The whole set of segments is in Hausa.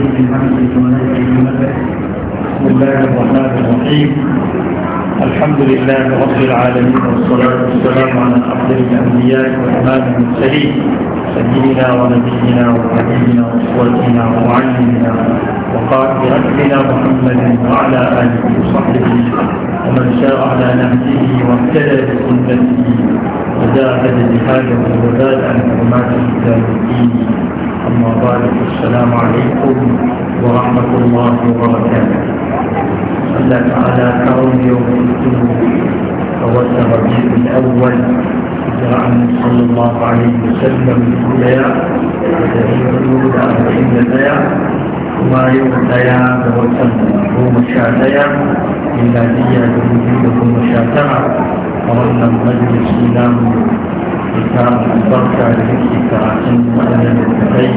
بسم الله الرحمن الرحيم الحمد لله رب العالمين والصلاة والسلام على أفضل الأنبياء وإمام المرسلين سيدنا ونبينا وحبيبنا وصلتنا ومعلمنا وقائد أهلنا محمد وعلى آله وصحبه ومن شاء على نهجه وابتلى بسنته وزاد جهاده وزاد عن حرمات الإسلام الدين أما بعد السلام عليكم ورحمة الله وبركاته الله تعالى كرم يوم الدين فوسع الربيع الأول هجرة صلى الله عليه وسلم الأولى وتهيئ الأولى أربعين لديا وما يوم لديا بوسم هو مشاهديا ميلادية بوجودكم مشاهدة وأن المجلس إمام الكرم البركة لذكر كرائم وأنا للتقي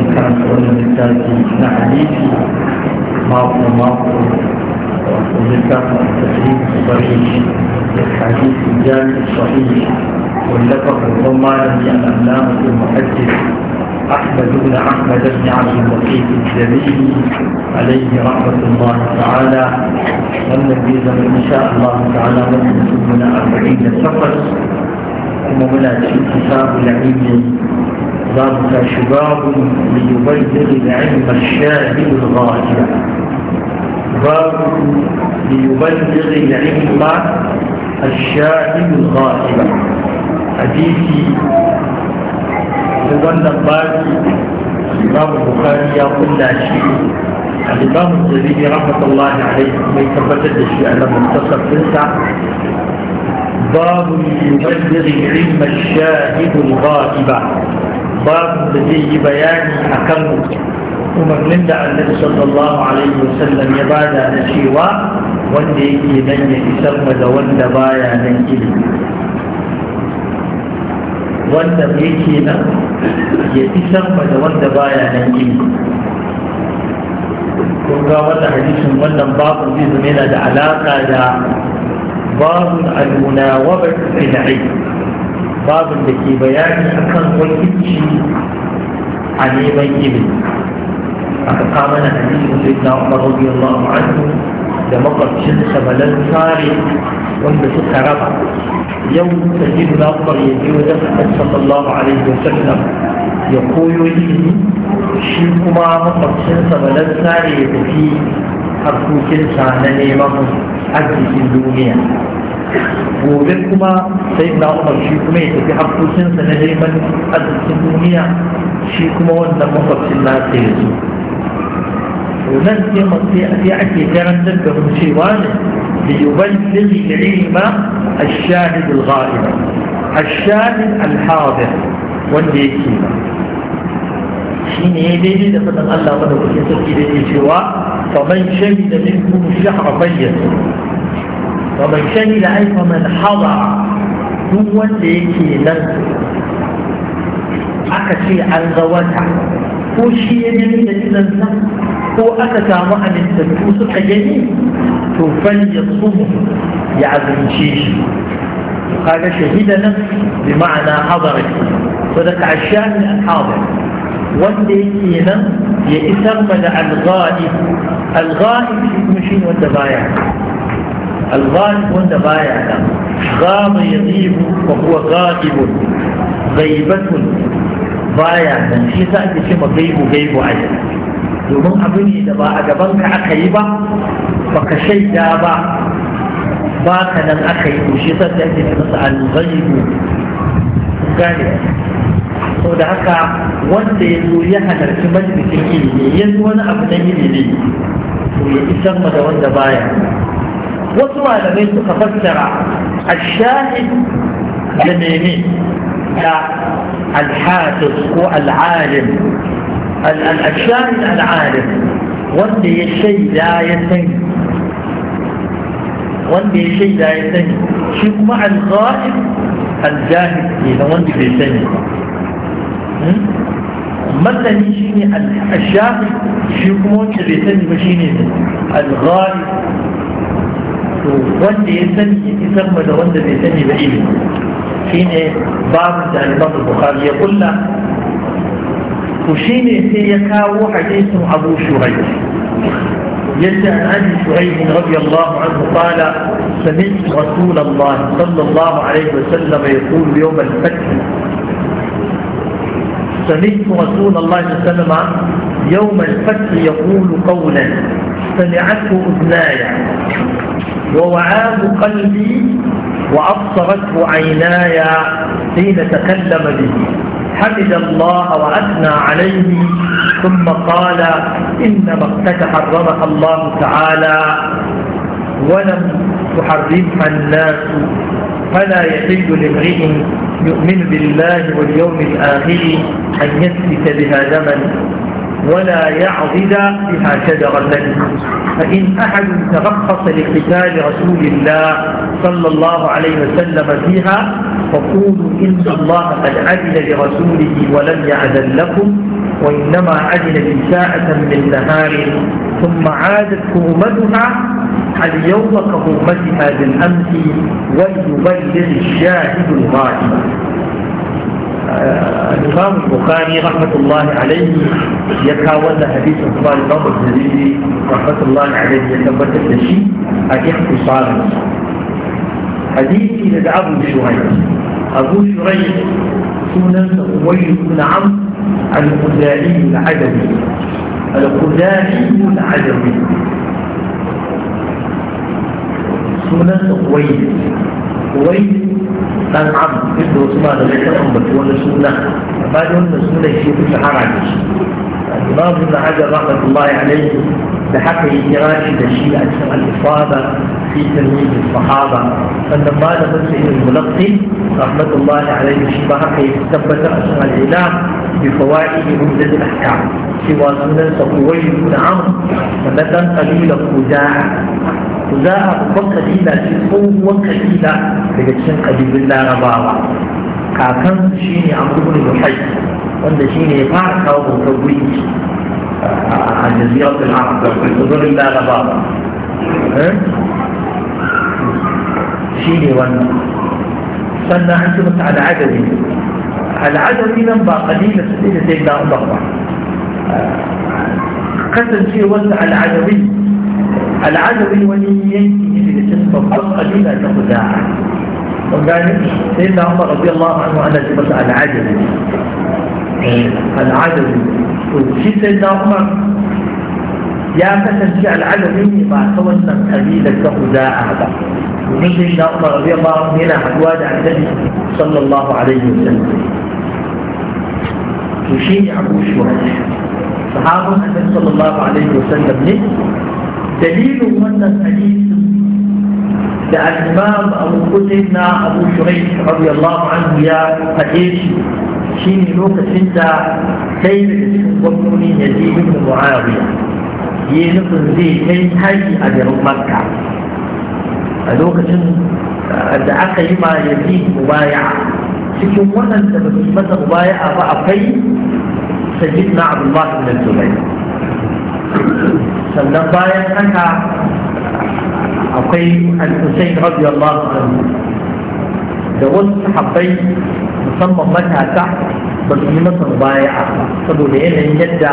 الكرم وأنا للتاكي نعليكي ماضي ماضي وذكر التسليم الصحيح للحديث الجامع الصحيح ربما واللقب الضمان الأملاك المحدث أحمد بن أحمد بن عبد اللطيف الجليل عليه رحمة الله تعالى والنبي إن شاء الله تعالى من أربعين سفر kuma muna cikin kitabu ilmi za mu tashi babu liyubayyin ilmi mashahid al الشاهد الغائب حديثي تظن الباقي الإمام البخاري يقول لا شيء الإمام الزبيدي رحمة الله عليه ما يثبت الشيء على منتصف تسعة باب يبلغ علم الشاهد الغائب باب الذي بيان أكمل umarnin da annabi sallallahu alaihi wasallam ya bada na cewa wanda yake nan ya isar ma da wanda baya nan ilimi wanda yake nan ya isar ma da wanda nan wannan wannan babu zai yana da alaka da باب المناوبة في العلم باب التي بيان أكن والكتشي علي بن ابن أقامنا حديث سيدنا عمر رضي الله عنه لما قد شنس بلد صاري وانت ستربع يوم سيدنا عمر يجي ودفع صلى الله عليه وسلم يقول لي شيكما مقد شنس بلد صاري يتفيه harkokinsa na neman arzikin duniya gobe kuma sai na umar shi kuma ya tafi harkokinsa na neman arzikin duniya shi kuma wannan makwabcin nasa ya zo nan sai mace sai ake karantar da mu cewa ne ليبلغ العلم الشاهد الغائب الشاهد الحاضر واللي يكيبه shi ne ya daidai da faɗin Allah da kuke sarki da ke cewa faman shari da min kuma shi shahar bayyana faman shani da aika man hawa duk wanda yake nan aka ce an ga wata ko shi ya gani da idan idansa ko aka samu amintattu suka gani to fal ya ya azumce shi kaga shahida nan bi ma'ana hadari sadaka ashahi al-hadir wanda yake nan ya isar ma da alghaib alghaib shi kuma shi wanda baya alghaib wanda baya nan غاب يغيب وهو غائب غيبة baya nan shi yasa ake ce ma gaibu gaibu a domin abu ne da ba a gaban ka aka yi ba baka shaida ba ba ka nan aka yi to shi yasa ake ce masa al-ghaibu gane sau da haka wanda ya zo ya halarci majalisin ilimi ya wani abu na ilimi to ya isar ma da wanda baya wasu malamai suka fassara a shahid da mene da alhafiz ko al'alim الشاهد العالم wanda ya shaida ya sani wanda ya shaida ya sani shi kuma al-ghaib al-jahil ne wanda bai sani ba مثلا يجيني الشاهد شو كمون شي يسني بشيني الغالي وانت يسني يسمى ده وانت يسني بعيد شين باب عند البخاري يقول له وشيني سيكاو حديث أبو شعيب يسأل عن شعيب رضي الله عنه قال سمعت رسول الله صلى الله عليه وسلم يقول يوم الفتح سمعت رسول الله صلى الله عليه وسلم يوم الفتح يقول قولا سمعته أذناي ووعاه قلبي وأبصرته عيناي حين تكلم به حمد الله وأثنى عليه ثم قال إنما اقتك حرمها الله تعالى ولم تحرمها الناس فلا يحل لامرئ يؤمن بالله واليوم الآخر أن يثبت بها دما ولا يعضد بها شجرة فإن أحد ترخص لقتال رسول الله صلى الله عليه وسلم فيها فقولوا إن الله قد عدل لرسوله ولم يعدل لكم وإنما عدل بساعة من نهار ثم عادت كرمتها اليوم كهمة هذا الأمس وليبلغ الشاهد الغائب آه، الإمام البخاري رحمة الله عليه يتاول حديث عثمان بن الزبيدي رحمة الله عليه يتبت الشيء الاختصار حديثي لدى أبو شريح أبو شريح سونا أبي بن عمرو الخزائي العدوي الخزائي العدوي سنة ويل ويل كان عبد ابن عثمان رضي الله عنه هو السنة بعد سنة السنة هي في الصحراء الإمام ابن حجر رحمة الله عليه بحق إيراني دشيل أكثر الإصابة في تلميذ الصحابة أن ما سيد الملقي رحمة الله عليه شبه كيف ثبت أكثر الإعلام بفوائد مدة الأحكام سوى سنن سقوي بن عمرو ومثلا قليل خزاعة خزاعة babban kabila ce tsohuwar kabila daga cikin kabilun larabawa kakan shi ne amurkuni da fai wanda shi ne ya fara kawo bautar gunki a jazirar da zurin larabawa shi ne wannan sannan an ci masa al'adari العدد إذن بقى قديمة سيدنا عمر بقى قتل في وزع العدوي العدوي وليي في الجسم بقى قديمة تخزاعة وقال سيدنا عمر رضي الله عنه أنا في وزع العدوي العدوي وفي سيدنا عمر يا قتل في العدوي ما توزع قديمة تخزاعة بقى ونزل سيدنا عمر رضي الله عنه هنا حدوان عدد صلى الله عليه وسلم to shi ne abu shuwa sahabin annabi sallallahu alaihi wasallam ne dalilin wannan hadisin da al-imam abu kutin na abu shurai radiyallahu ya faɗe shi shi ne lokacin da sai daga cikin gwamnoni ya je yin da mu'ariya ya nufin zai a garin makka a da aka yi ma ya ji cikin da ba su yi masa mubaya'a ba akwai sajid na abdullahi na zubair sannan bayan haka akwai al-husayn radiyallahu anhu da wasu sahabbai musamman matasa ba su yi masa mubaya'a saboda yanayin yadda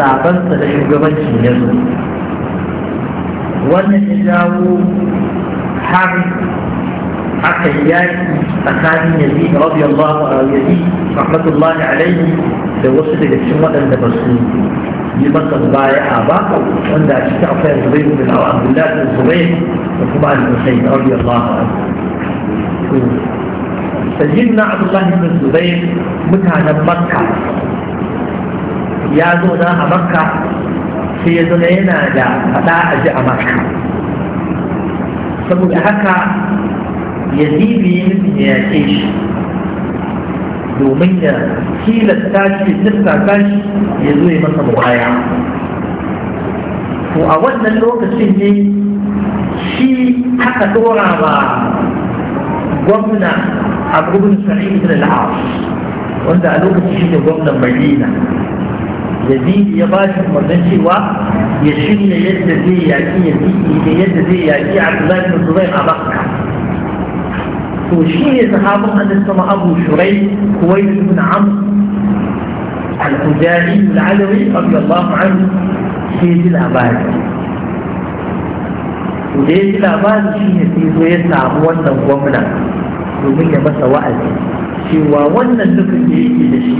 zabansa da shugabanci ya su wannan ya jawo har حتى إياه أخاذ يزيد رضي الله أو يزيد رحمة الله عليه توسط الشمعة النبسين لمن تضبعي أعباء وأن أشتع في الزبير من عبد الله بن الزبير وكما المسيح رضي الله عنه سجلنا عبد الله بن الزبير مكان مكة يا زونا مكة في زنينا لا أتاعج مكة سبب يزيد يمكن يعيش domin ya tilasta shi tilasta shi ya zo ya masa mubaya to a wannan lokacin ne shi aka dora ba gwamna abubuwan sa'id ibn al-as wanda a lokacin shi ne gwamnan madina yazidi ya ba shi umarnin cewa ya shirya yadda zai yaƙi yazidi da yadda zai yaƙi abdullahi bin zubair a makka وشيء صحاب أن اسم أبو شريح كويس بن عمرو الحجاري العلوي رضي الله عنه سيد العباد وديت العباد شيء سيد ويسع وانا ومنا ومن يمسى وقت شيء وانا نفس الشيء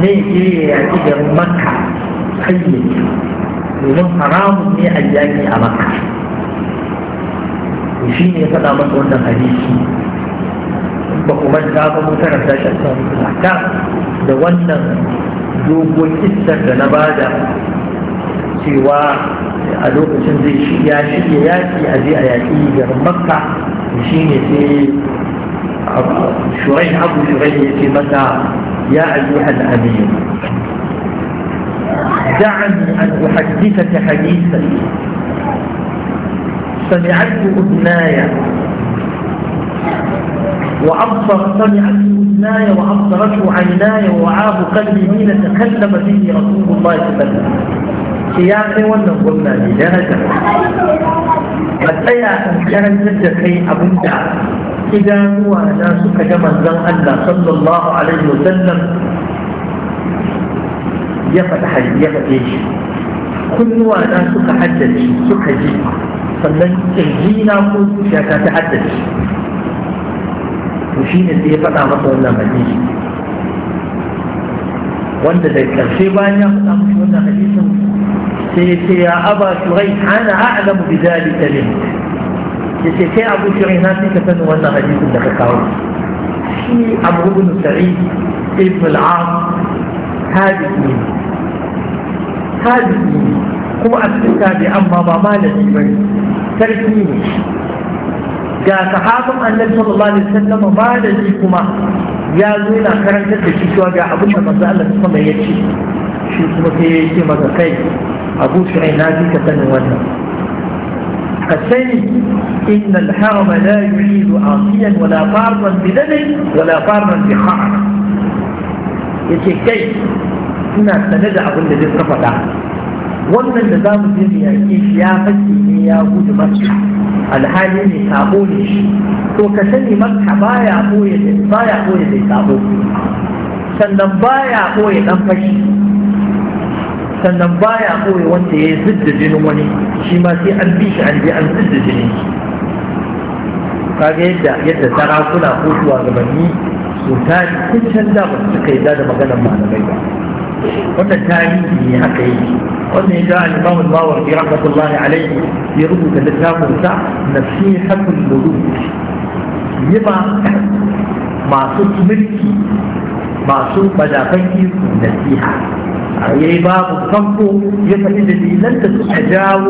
نيجي يعطيك مكة حية ومن حرام ني أجاني أمكة وشيء يفضل مكة وانا حديثي ba ku manta ba ku karanta shi a cikin ahkam da wannan dogon kissar da na bada cewa a lokacin zai shirya shirya yaki a je a yaki garin makka shi ne sai shurai abu shurai ya ce mata ya ayyuhal amin دعني أن أحدثك حديثا سمعته أذناي وأبصر سمعت أذناي وأبصرته عيناي وعاب قلبي حين تكلم به رسول الله صلى الله عليه وسلم قيامي ولا قلنا لدرجة أتيا أن كانت أبو أبن إذا هو ناس كما زن الله صلى الله عليه وسلم يفتح يفتح كل وانا سك حدث سك جي فلن تجينا كل شيء تحدث to shi ne sai ya faɗa masa wannan hadisi wanda da ƙarshe bayan ya faɗa masa wannan hadisin sai ya ce ya aba shurai ana a'lamu bi dalika min ya ce kai abu shurai na sai ka sanin wannan hadisin da ka kawo shi abu ibn sa'id ibn al-am hadisi hadisi kuma a cikin tabi'an ma ba malami bane sarki ne ga sahabin annabi sallallahu alaihi wasallam ba da shi kuma ya zo yana karantar da shi cewa ga abin da manzo Allah sama ya ce shi kuma sai ya ce maka kai abu shirai na ji ka sanin wannan ka sani innal harama la yuridu asiyan wala farran bi dami wala farran bi kha'r yace kai ina sane da abin da zai faɗa wannan da za mu je mu yake shi ya fake ne ya gudu maka alhali ne sabo ne shi to ka sani makka baya koye baya koye mai sabo sannan baya koye dan fashi sannan baya koye wanda ya zidda jinin wani shi ma sai an bi shi an je an zidda jinin kaga yadda yadda sarakuna ko shugabanni su tari kun canza ba su kai da maganar malamai ba wannan tarihi ne haka yake ومن جاء الإمام الباور رحمة الله عليه في رضو تلتاك وسع نفسي حق الوجود يبا ما سوت ملكي ما سوت مدافكي نسيحة أي باب الصفو يبا الذي لن تتحجاو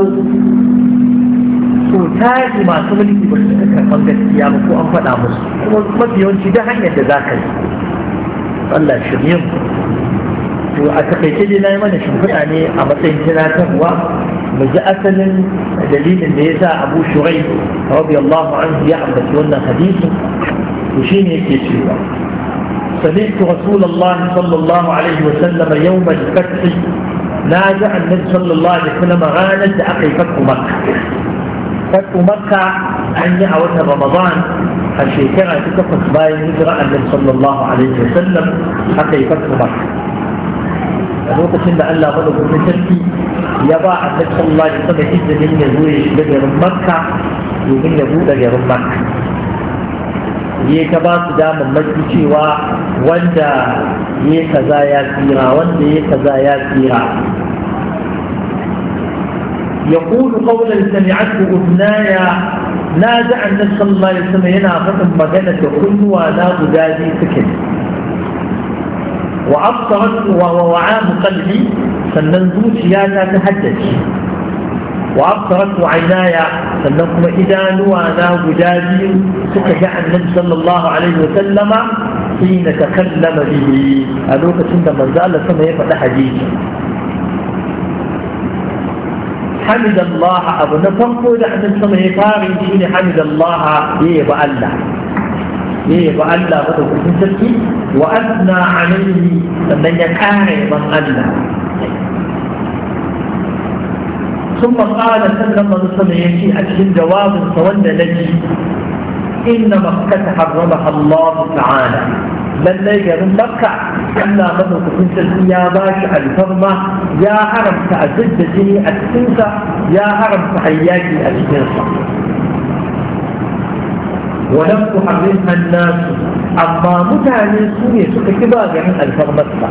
سوتاك ما سوت ملكي بشتك فنجد سيامك وأنفنا مصر ومن يونشي ده هنجد ذاكي الله شميمكم to a takaice dai na yi mana shimfiɗa ne a matsayin tunatarwa mu ji asalin dalilin da ya sa abu shurai radiyallahu anhu ya ambaci wannan hadisi to shine yake cewa سمعت رسول الله صلى الله عليه وسلم يوم الفتح ناجع النبي صلى الله عليه وسلم غانا لأقي فتح مكة فتح مكة أن أوت رمضان الشيكرة تتفق باين هجرة النبي صلى الله عليه وسلم أقي فتح مكة a lokacin da Allah ba da gobe tafi ya ba a tattun ba saba shi da dinga garin makka domin ya buɗe garin makka ya ka ba su damar mafi cewa wanda ya kaza ya tsira wanda ya kaza ya tsira ya kudu kawunan sami'atu uzunaya na ji annabi sallallahu alaihi wasallam yana faɗin magana da kunnuwa na guda biyu suke وأبصرت ووعاء قلبي سننت لا تهدج وأبصرت عيناي سننتم إذا نوانا سكت عن النبي صلى الله عليه وسلم حين تكلم به أدوك سند من زال سنة يفتح حديث حمد الله أبو نفر قول أنت سنة يفاري حمد الله يبقى الله ne ba Allah ba da kusin sarki wa asna alaihi sannan ya kare ban Allah ثم قال صلى الله عليه وسلم يجي أجل جواب تولى نجي إن مكة حرمها الله تعالى بل لا يجب مكة ألا مدرك كنت يا باشا الفرمة يا هرم تعزد جني أتنسى يا هرم تحياتي أتنسى ولم تحرمها الناس أما متعني سوني سكا كبا جميع الفرمسة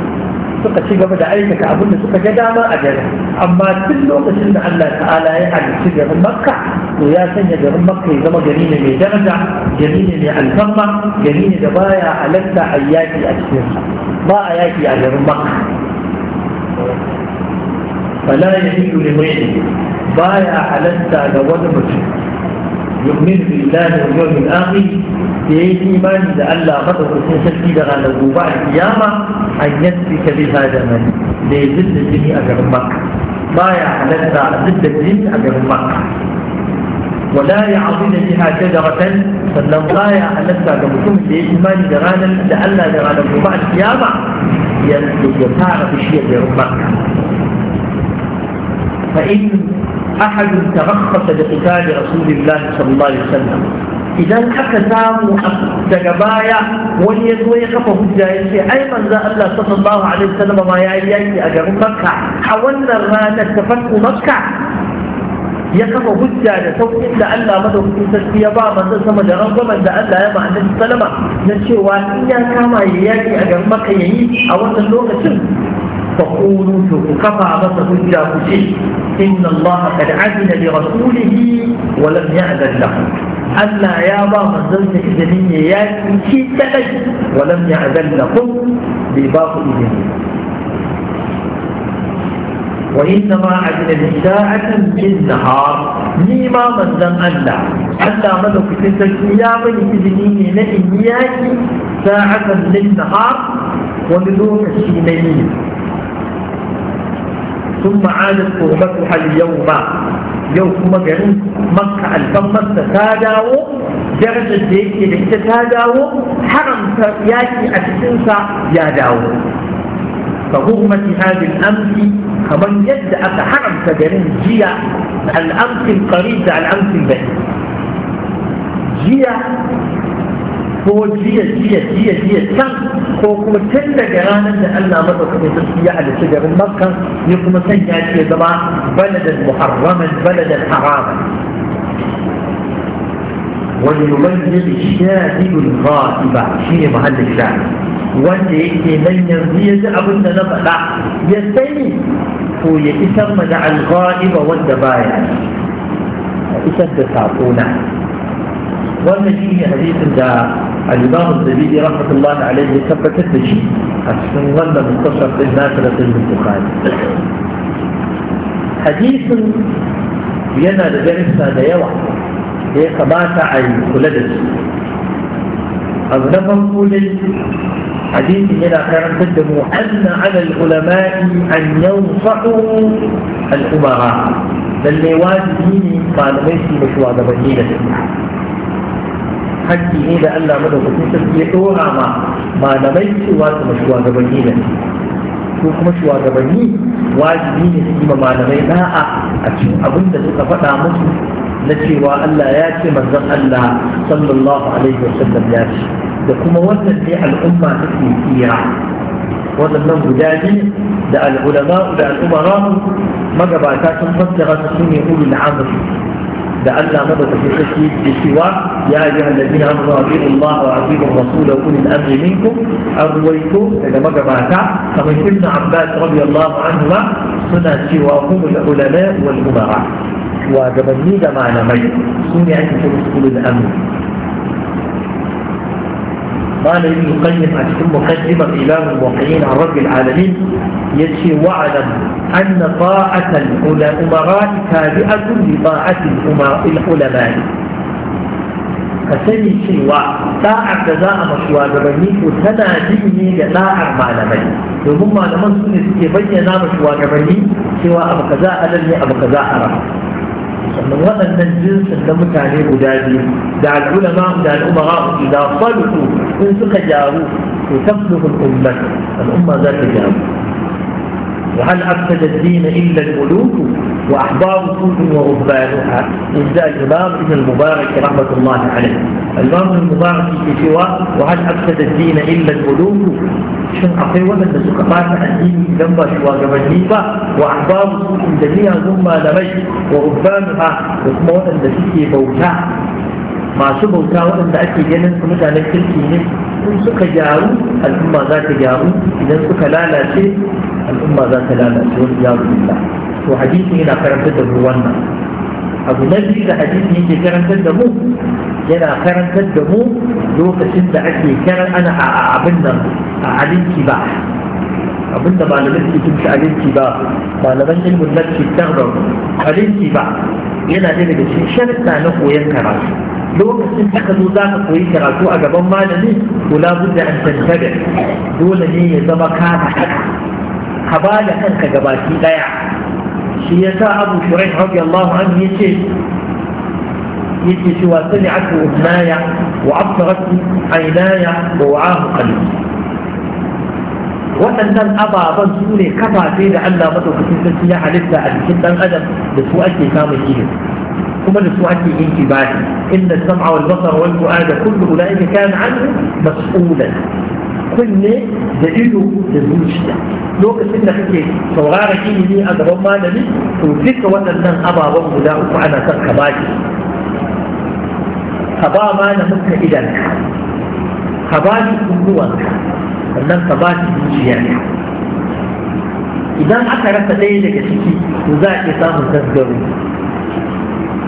سكا شغب دعيك كأبن سكا جداما أجل أما تلو قسم الله تعالى يعني سجر مكة ويا سنة جر مكة إذا جنين من درجة جنين من الفرمة جنين دبايا حلتا حياتي أجلها ما حياتي أجر مكة فلا يحل لمريد بايا حلتا لون مسلم يؤمن بالله واليوم الآخر يأتي إيمان إذا ألا غضب سيسكي على بعد قيامة أن يسلك بها زمن لزد الجني أجر مكة ما يعلن زد الجن أجر مكة ولا يعظين بها شجرة فلو لا يعلن كمسلم لإيمان درانا لألا درانا الوباء القيامة يسلك يتعرف شيء أجر مكة فإن أحد ترخص بقتال رسول الله صلى الله عليه وسلم idan aka samu daga baya wani ya zo ya kafa hujja ya ce ai manzo Allah sallallahu alaihi wasallam ma yayi yaki a garin Makka a wannan ranar ta farko Makka ya kafa hujja da sauƙin da Allah madaukakin sarki ya ba manzo sama da rangwamen da Allah ya ba annabi sallama na cewa in ya kama ya yaki a garin Makka yayi a wannan lokacin فقولوا كفى بس حجة كشي إن الله قد عزل لرسوله ولم يعزل له ألا يا بابا من ذلك يا يا شيء ولم يعزل لكم بباق إذنية وإنما عزل ساعة في النهار نيما من ذن ألا ألا ملك تسكيا من إذنية لإنياك ساعة للنهار نهار ولذوك الشيء ثم عادت قربتها اليوم يوم مجن مكة الفم تتاداو جرس الزيك اللي تتاداو حرم ياتي السنسى يا داو فهمة هذا الأمس كمن يد أتى حرم جيا الأمس القريب على الأمس البعيد جيا ko jiya jiya jiya jiya can ko kuma tun daga ranar da Allah madaukakin sarki ya halicci garin Makka ya kuma sanya shi ya zama baladan muharraman baladan haraman وليميز الشاهد الغائب شيء محل الشاهد wanda yake nan yanzu ya ji abin da na faɗa ya sani ko ya isar ma da alghaiba wanda baya isar da saƙona wannan shi ne hadisin da al-imam az-zabidi rahmatullahi alayhi ya tabbatar da shi a cikin wannan muktasar din nasa da sahih bukhari hadisin yana da darissa da yawa da ya kamata a yi kula da su abu na farko dai hadisin yana karantar da mu anna ala al-ulama'i an yanfa'u al-umara lalle wajibi ne malamai su da shugabanni da su hakki ne da Allah madaukakin sarki ya dora ma malamai cewa su shugabanni ne ko kuma shugabanni wajibi ne su yi ma malamai da'a a cikin abin da suka faɗa musu na cewa Allah ya ce manzon Allah sallallahu alaihi wa sallam ya ce da kuma wannan ne al'umma take tsira waɗannan guda ne da al'ulama da al'umara magabata sun fassara su ne ulul amri da Allah madaukakin sarki ke cewa ya yi hallabi na amurwa bi Allah wa azibin rasula ulil amri minkum an ruwaito daga magabata kamar ibn Abbas radiyallahu anhu suna cewa kuma da ulama wal umara wa gabanni da malamai su ne ake cewa ulul amri قال ابن القيم أتكم مقدمة إله الموحيين عن رب العالمين يتشي واعلم أن طاعة الأمراء تابعة لطاعة العلماء كسني شيوا طاعة جزاء مشوا جبني وتنا ديني لطاعة معلمي وهم معلمين سنة بينا مشوا جبني سوى أبو كذا أدلني أبو كذا أرى من وضع المنزل سلمت عليه مدادي دع العلماء دع الامراء اذا صلحوا ان تجاروا وتفلح الامه الامه ذات جاروا وهل افسد الدين الا الملوك وأحباب كتب وربانها إزاء الإمام ابن المبارك رحمة الله عليه الإمام المبارك في سواه وهل أفسد الدين إلا الغلو شن أخي ولد سكفات الدين جنب شواج مجنيفة وأحباب كتب جميع ثم لمج وربانها ثم ولد سكي بوتا ما سوى بوتا ولد أكي جنن كمتا نكتل كينه إن سك جارو الأمة ذات جارو إذا سك لا لا شيء الأمة ذات لا لا شيء والجارو لله to hadisi yana karantar da mu wannan abu na biyu da hadisi yake karantar da mu yana karantar da mu lokacin da ake karan ana a abin nan a alinki ba abin da malaman ke cin shi alinki ba malaman ilmin lafi tarbar alinki ba yana da daga cikin sharta na koyon karatu lokacin da ka zo za ka koyi karatu a gaban malami to labudda an tantabe dole ne ya zama ka ka ba da kanka gabaki daya شيتا أبو شريح رضي الله عنه يتيت يتي سوى سمعته أذنايا وأبصرت عيناي ووعاه قلبي وأن أن أبا أظن سؤولي كفى سيدة عنا مدر كتير سياحة لسا أجل أدب لسؤالتي كامل إيه كما لسؤالتي إنك بعد إن السمع والبصر والفؤاد كل أولئك كان عنه مسؤولا kunne da ido da zuciya lokacin da kake sauraron ilimi a gaban malami to duka waɗannan ababen guda uku ana son ka baki ka ba malamin ka idanka ka ba shi kunnuwanka sannan ka ba shi zuciyarka idan aka rasa ɗaya daga ciki to za a iya samun tasgaro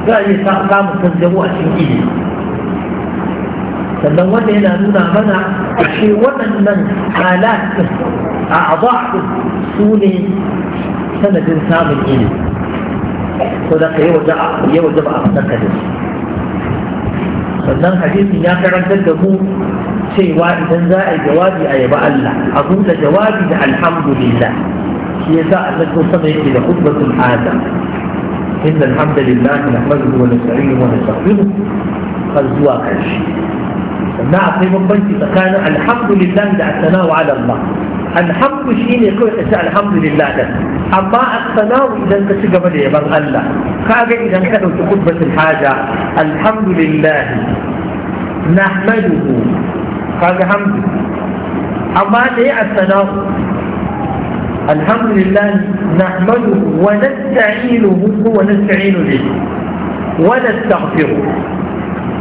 za a iya samun tasgaro a cikin ilimi sannan wanda yana nuna mana ashe waɗannan halat a abu su ne sanadin samun ilimi ko da ka yi waje ba a fasarka da su sannan hadisin ya karantar da mu cewa idan za a yi jawabi a yaba Allah a buɗe jawabi da alhamdulillah shi ya sa a zato sama yake da hudbatul adam inna alhamdulillah nahmaduhu wa nasta'inuhu wa nastaghfiruh har zuwa karshe. ن من بيت مكان الحمد لله ل ل على الله الحمد شيء يقول ا الحمد لله لك اما الثناء اذا انت تقبل ي ب الله كاغا اذا كانوا في خطبه ا الحمد لله نحمده كاغا حمد اما ايه الثناء الحمد لله نحمده ونستعينه ونستعين به ونستغفره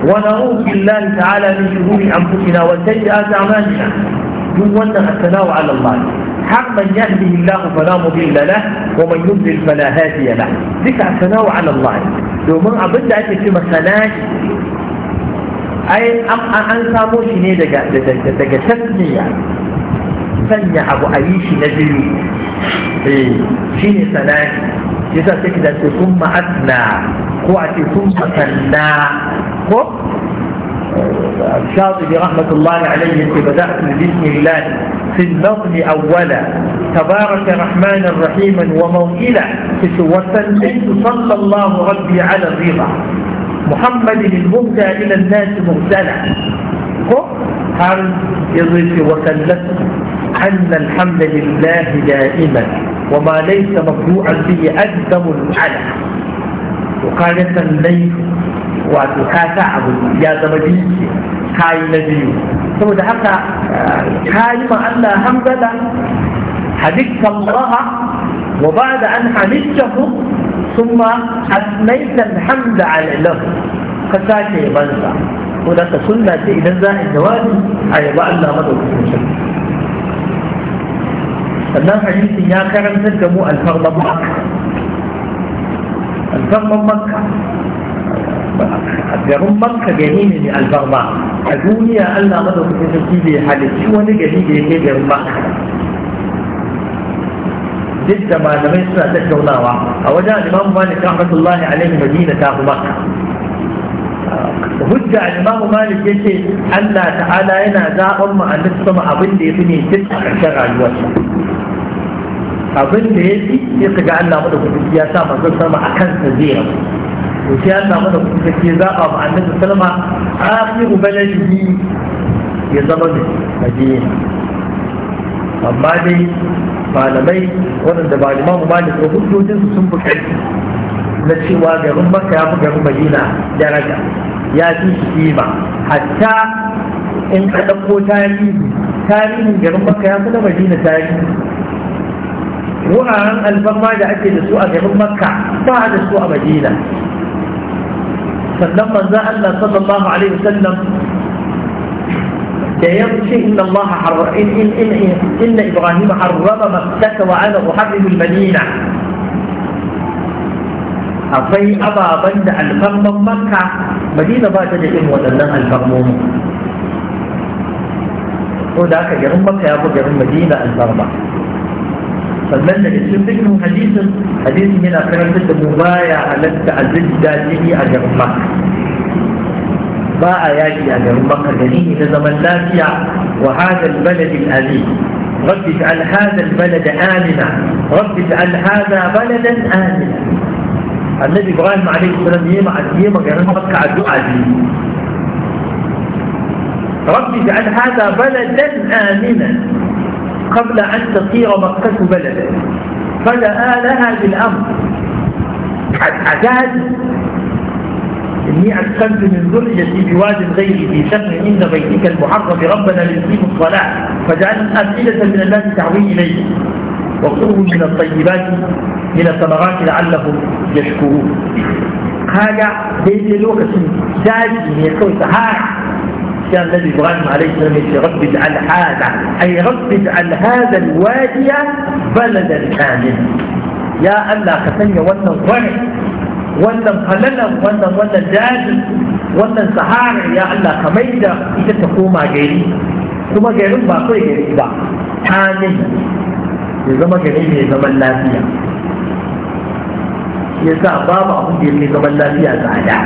ونعوذ بالله تعالى من شرور أنفسنا وسيئات أعمالنا من وجه الثناء على الله حق من يهده الله فلا مضل له ومن يضلل فلا هادي له ذكر الثناء على الله domin abin da ake ce masana ai an samo shi ne daga tasmiya sanya abu a yi shi na biyu shi ne sana'i yasa sai ki da sun ma'asna ko a sun ko الشاطبي رحمة الله عليه بدأت بسم الله في النظم أولا تبارك الرحمن الرحيم وموئلا سوى صلى الله ربي على الرضا محمد المهدى إلى الناس مهدلا هل يضيف وسلمت أن الحمد لله دائما وما ليس مطلوعا به أقدم على to ka ga sallai wato ka abu ya zama dinki ka yi na saboda haka eh, ka yi ma Allah hamdala halitta Allah wa ba da an halitta ku sun ma asnaita alhamda alilam ka sake yabansa ko da ka sunna ce idan za a yi jawabi a yaba Allah madaukakin sun sannan hadisin ya karantar da mu alfarma musamman makka garin makka gari ne mai albarma a duniya allah madaukakin sarki bai halicci wani gari da ya kai garin makka duk da malamai suna tattaunawa a wajen imamu malik rahmatullahi alaihi madina ta fi makka hujja imamu malik ya ce allah ta'ala yana zaɓen mu annabi sama abin da ya fi ne duk a ƙarshen rayuwarsa abin da ya fi ya ga allah madaukakin ya sa manzon sama a kansa zai rabu to sai ya samu da kuka ke zaɓa ma annabi salma akhiru baladihi ya zama da madina amma dai malamai waɗanda ba limamu malik da hujjojinsu sun fi na cewa garin maka ya fi garin madina daraja ya fi su kima hatta in ka ɗauko tarihi tarihin garin maka ya fi na madina tarihi وأن الفما جاءت للسوء في مكة بعد السوء مدينة فلما زاء الله صلى الله عليه وسلم يمشي إن الله حرر إن, إن, إن, إن إبراهيم حرم مكة وأنا أحرم المدينة أفي أبا بند الفم مكة مدينة بعد جئين ودنها الفرمون وذاك جرم مكة يأخذ مدينة الفرمون فالمنى الإسلام بجنه حديث حديث من أخيرا ست مبايع لك الزد به أجر مكر باع ياجي أجر مكر جنيه نظم النافع وهذا البلد الأليم رب اجعل هذا البلد آمنا رب اجعل هذا بلدا آمنا النبي إبراهيم عليه السلام يما يما كان مكة دعاء رب اجعل هذا بلدا آمنا قبل أن تصير مكة بلدا فدعا لها بالأمر عجاز إني أسكنت من ذريتي بواد غير في شأن عند بيتك المحرم ربنا ليقيموا الصلاة فجعل أسئلة من الناس تعوي إليه وقوه من الطيبات من الثمرات لعلهم يشكرون هذا بيت لوكس زاجي من كوي سهار كان النبي إبراهيم عليه السلام يقول رب اجعل هذا أي رب اجعل هذا الوادي بلدا كاملا يا الله كسني ولا ورع ولا الخلل ولا ولا جاهل ولا سهار يا الله كميدا إذا تقوم عليه ثم غيرهم باقي غيري با كامل يزما غيري يزما اللاتية يزا بابا أبو ديرني زما لافيا زعجا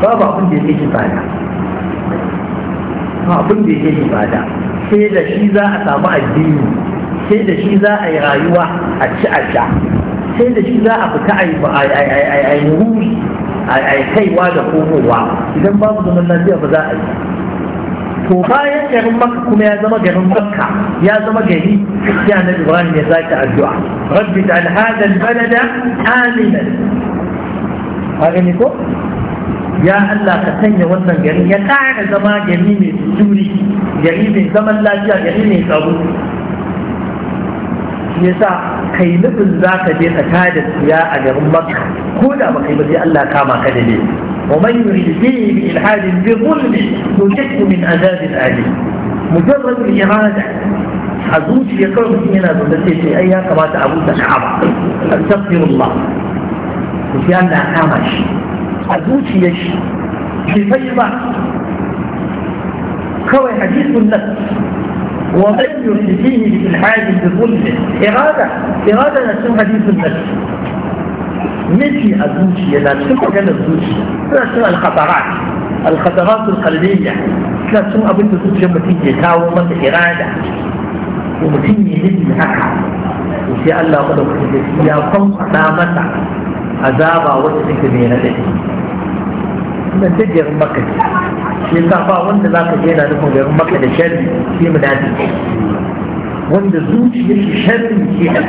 babu abin da ya kai abin da yake ibada sai da shi za a samu addini sai da shi za a yi rayuwa a ci a sha sai da shi za a fita a yi ruri a yi kaiwa da komowa idan babu zaman lafiya ba za a yi to bayan garin makka kuma ya zama garin makka ya zama gari ya na ibrahim ya zaki addu'a rabbi ta alhada albalada aminan a gani ko ya Allah ka sanya wannan gari ya ƙara zama gari mai tsuri gari mai zaman lafiya gari mai tsaro shi yasa kai nufin za ka je ka tada tsiya a garin makka ko da ba kai ba sai Allah kama ka da ne wa man yuridu bihi bi ilhadin bi zulmi yujadu min azabin alim mujarrad al-irada a zuciya kawai mutum yana zaune sai sai ai ya kamata a buɗe ka'aba astaghfirullah ku sai Allah kama shi a zuciyar shi bai fashi ba kawai hadisun nan ومن يرسله في الحاج بظلمه إرادة إرادة نسمى حديث النفس مثل الزوجية لا تسمى كان الزوجية لا تسمى الخطرات الخطرات القلبية لا تسمى أبن الزوجية متين يتاوى من إرادة ومتين يهدي حقا وفي الله قد وقت يا قوم أمامك عذابا وتسكت بين الأدين nan duk garin maka ne shi yasa ba wanda za ka je na nufin garin maka da sharri sai mu dace wanda zuciya shi sharri ke da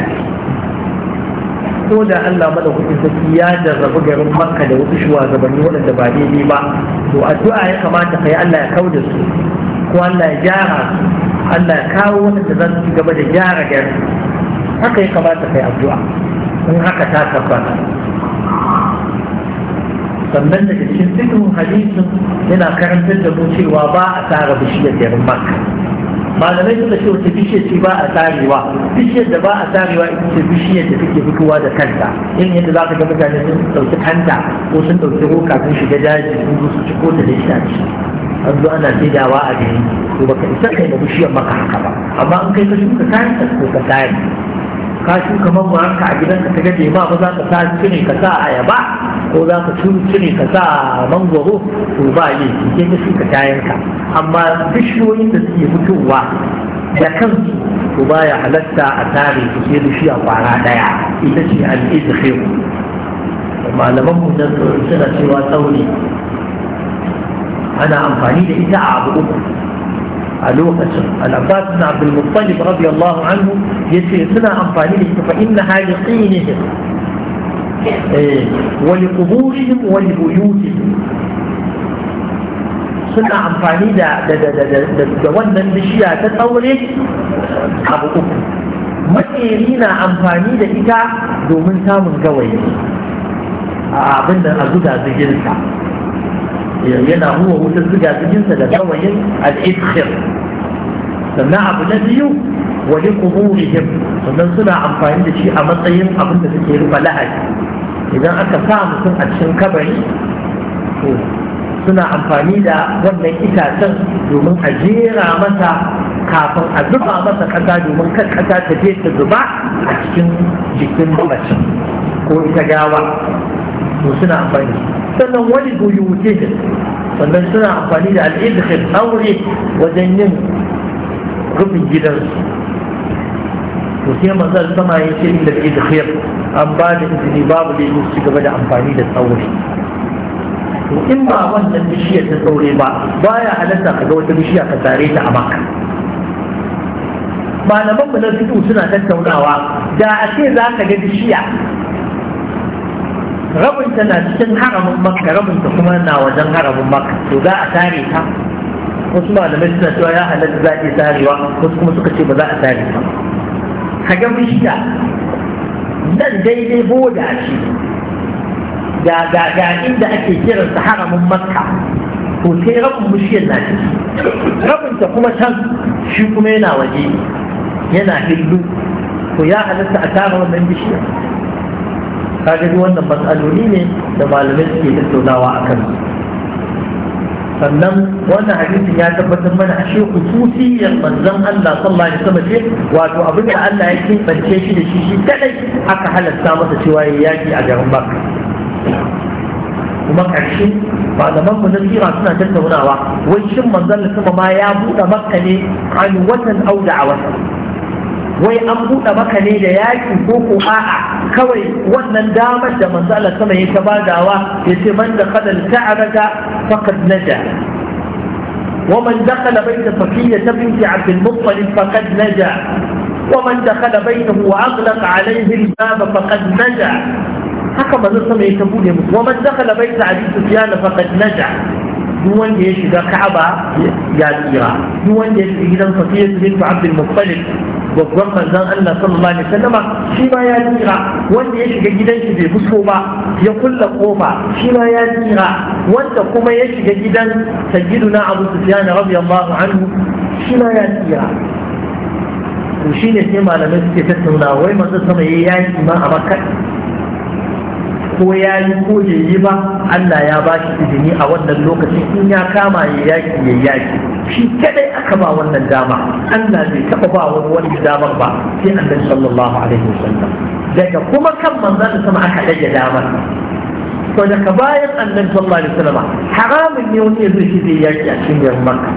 ko da Allah madaukakin sarki ya jarrabu garin makka da wasu shugabanni waɗanda ba daidai ba to addu'a ya kamata kai Allah ya kau da su ko Allah ya gyara Allah ya kawo waɗanda za su ci gaba da gyara garin haka ya kamata kai addu'a in haka ta tabbata sannan daga cikin fikin hadisin yana karantar da mu cewa ba a tsara bishiyar garin makka malamai suka ce wata bishiyar ce ba a tsarewa bishiyar da ba a tsarewa ita ce bishiyar da take fitowa da kanta irin yadda za ka ga mutane sun ɗauki kanta ko sun ɗauki roka sun shiga daji sun zo su ci ko da itace an zo ana saidawa a gani, to baka isa kai da bishiyar maka haka ba amma in kai ka shuka kayan ko ka kayan ka shuka ka a gidanka ka gaje ba ba za ka sa cire ka sa ayaba ko za ka cire ka sa mangwaro ko ba ne ke ka shuka kayanka amma bishiyoyin da suke fitowa da kansu ba baya halatta a tare su ke a kwara ɗaya. ita ce al'izhir malaman mu suna cewa tsauni ana amfani da ita a abu uku a lokacin al'abbas ibn abdul muttalib radiyallahu anhu yace suna amfani da shi fa inna haliqinihim eh wani liquburihim wani libuyutihim suna amfani da wannan bishiya ta tsaure abu uku matseri na amfani da ita domin samun gawayi a abin da a zuga girka. yana huwa wutar zuga cikinsa da kawayin al'ikhir sannan abu na biyu wani kuburihim sannan suna amfani da shi a matsayin abin da suke rufe lahadi idan aka sa mutum a cikin kabari to suna amfani da wannan itacen domin a jera masa kafin a zuba masa ƙasa domin kan ƙasa ta je ta zuba a cikin jikin mamacin ko ita gawa to suna amfani sannan wani buyutihim sannan suna amfani da al'idhir aure wajen yin rufin gidan to sai manzon sama ya ce inda idhir an ba da izini babu da su gaba da amfani da tsaure to in ba wannan bishiyar ta tsaure ba baya halatta ka ga wata bishiya ka tare ta a maka malaman mu na fito suna tattaunawa da a ce za ka ga bishiya rabin ta na cikin haramin makka rabin ta kuma na wajen haramin makka to za a tare ta wasu malamai suna cewa ya halatta za a iya tarewa wasu kuma suka ce ba za a tare ta kaga bishiya nan daidai boda ce ga ga ga inda ake kiransa haramin makka to sai rabin bishiyar na ciki rabin ta kuma can shi kuma yana waje yana hillu to ya halatta a tara wannan bishiyar Ka duk wannan matsaloli ne da malamai suke tattaunawa a kan sannan wannan hadisin ya tabbatar mana a shi khususiyar manzon Allah sallallahu alaihi wasallam ce wato abin da Allah ya kibance shi da shi shi kadai aka halatta masa cewa ya yaki a garin Makka kuma ƙarshe malaman mu na sira suna tattaunawa wai shin manzon Allah ma ya buɗe Makka ne an watan Audu a watan wai an buɗe maka ne da yaƙi ko ko a'a kawai wannan damar da manzo sama ya ta badawa ya ce man da kadal ta'araka faqad naja ومن دخل بيت صفية بنت عبد المطلب فقد نجا ومن دخل بيته وأغلق عليه الباب فقد نجا haka ba zai sama ya ta bude musu wa man dakhala baita abi sufyan faqad naja duk wanda ya shiga ka'aba ya tsira wanda ya shiga gidan safiya bint babban manzon Allah sallallahu alaihi wasallama shi ma ya jira wanda ya shiga gidan shi bai fito ba ya kulla kofa shi ma ya jira wanda kuma ya shiga gidan sayyiduna Abu Sufyan radiyallahu anhu shi ma ya jira to shine sai malamai suke tattauna wai manzon sama yayi yaki ma a Makka ko ya yi ko ya yi ba Allah ya ba shi izini a wannan lokacin in ya kama ya yaki ya yaki shi kadai aka ba wannan dama Allah bai taba ba wani wani damar ba sai Annabi sallallahu alaihi wasallam daga kuma kan manzon sama aka dage damar to daga bayan Annabi sallallahu alaihi wasallam haramun ne wani zai shi zai yaki a cikin Makka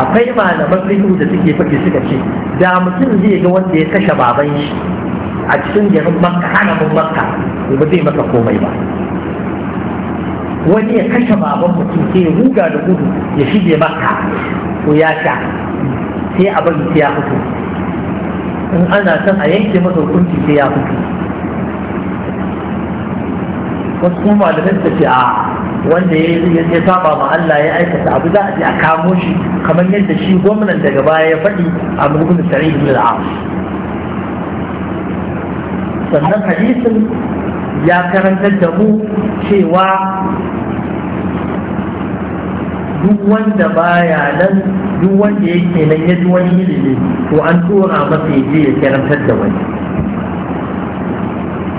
akwai malaman fiqh da suke fage suka ce da mutum zai ga wanda ya kashe baban shi a cikin garin makka haramin makka ba zai maka komai ba wani ya kashe baban mutum sai ya ruga da gudu ya shige makka ko ya sha sai a bari sai ya fito in ana son a yanke masa hukunci sai ya fito wasu kuma malamai suka ce a wanda ya saba ma Allah ya aikata abu za a je a kamo shi kamar yadda shi gwamnan daga baya ya faɗi a mulkin sa'id ibn al sannan hadisin ya karantar da mu cewa duk wanda baya nan duk wanda yake nan ya ji wani ilimi to an tura masa je ya karantar da wani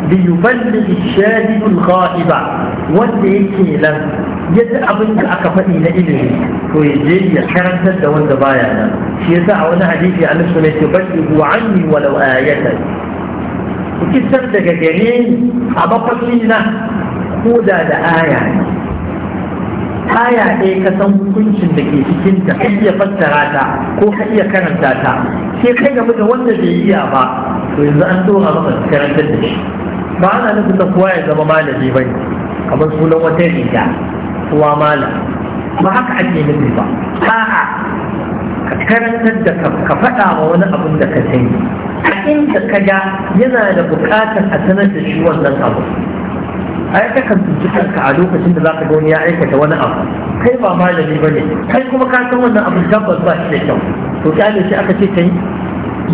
liyuballi shahidul ghaiba wanda yake nan ya ji abin da aka faɗi na ilimi to ya je ya karantar da wanda baya nan shi yasa a wani hadisi Allah sunai ce balli hu anni walau ayatan ku kisar daga gare a bakwai na ko da aya aya ɗaya ka san hukuncin da ke cikin ta ka iya fassara ta ko ka iya karanta ta sai kai ga da wanda bai iya ba to yanzu an a maka karantar da shi ba ana nufin ta kowa ya zama malami ba ne kamar sunan wata riga kowa malam ba haka ake nufi ba a'a ka karantar da ka faɗa wa wani abin da ka sani a inda ka ga yana da buƙatar a sanar da shi wannan abu ai ka kan a lokacin da za ka ga wani ya aikata wani abu kai ba malami ba ne kai kuma ka san wannan abu tabbas ba shi da kyau to kyale shi aka ce ta yi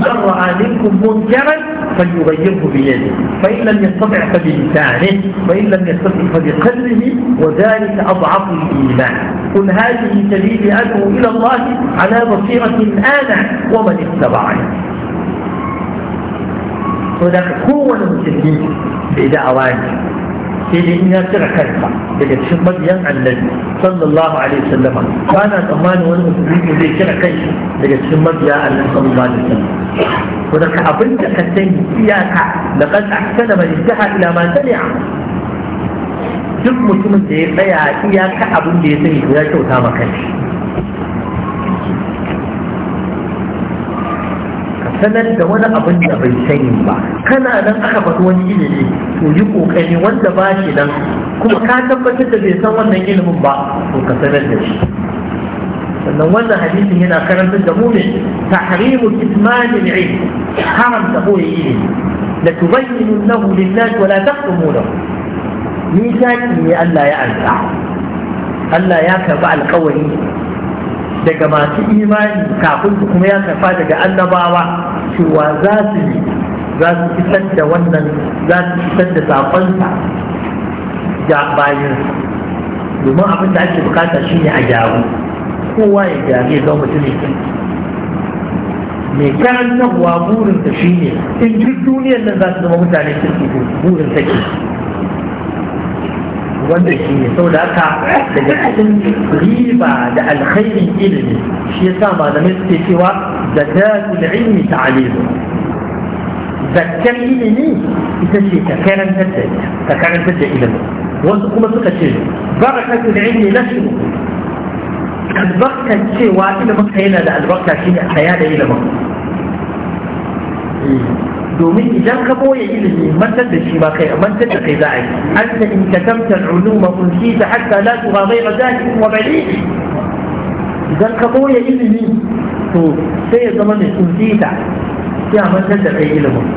zan ra'a minkum jaran. فليغيره بيده فإن لم يستطع فبلسانه وإن لم يستطع فبقلبه وذلك أضعف الإيمان قل هذه سبيل أدعو إلى الله على بصيرة أنا ومن اتبعني هذا قوة المسلمين بإذا أواني إذا إنا تركتها إذا تشمد ين عن النبي صلى الله عليه وسلم وانا أمان والمسلمين إذا تركتها إذا تشمد ين عن النبي صلى الله عليه وسلم ولك أبنت كالسيد إياك لقد أحسن من انتهى إلى ما سمع duk mutumin da ya tsaya iyaka abin da ya sani ya kyauta maka ne ka sanar da wani abin da bai sani ba kana nan aka faɗi wani ilimi to yi ƙoƙari wanda ba shi nan kuma ka tabbatar da bai san wannan ilimin ba to ka sanar da shi sannan wannan hadisin yana karantar da mu ne tahrimu kitmanil ilm haramta boye ilimi la tubayyinunnahu lin-nas wa la taqtumunahu ni taki ne Allah ya alƙa Allah ya karba alƙawari daga masu imani kafin kuma ya karba daga annabawa cewa za su yi za su isar da wannan za su fitar da saƙonsa ga bayansa domin abin da ake bukata shine a gyaru kowa ya gyare zama mutum ne mai karantarwa burinta shi ne in duk duniyar nan za su zama mutane kirki burin take wanda shi ne sau da haka daga cikin riba da alkhairin ilimi shi ya sa malamai suke cewa da zatul ilmi ta'alimu zakkar ilimi ita ce ta da ka karantar da ilimi wasu kuma suka ce barakatul ilmi nasu Albarka cewa ilimin ka yana da albarka shi ne a yada ilimin domin idan ka boye ilimi mantar da shi ba kai mantar da kai za a yi anta in katamta al'uluma unsita hatta la tuha ghayra zalik wa bali'i idan ka boye ilimi to sai ya zama mai unsita sai a mantar da kai ilimin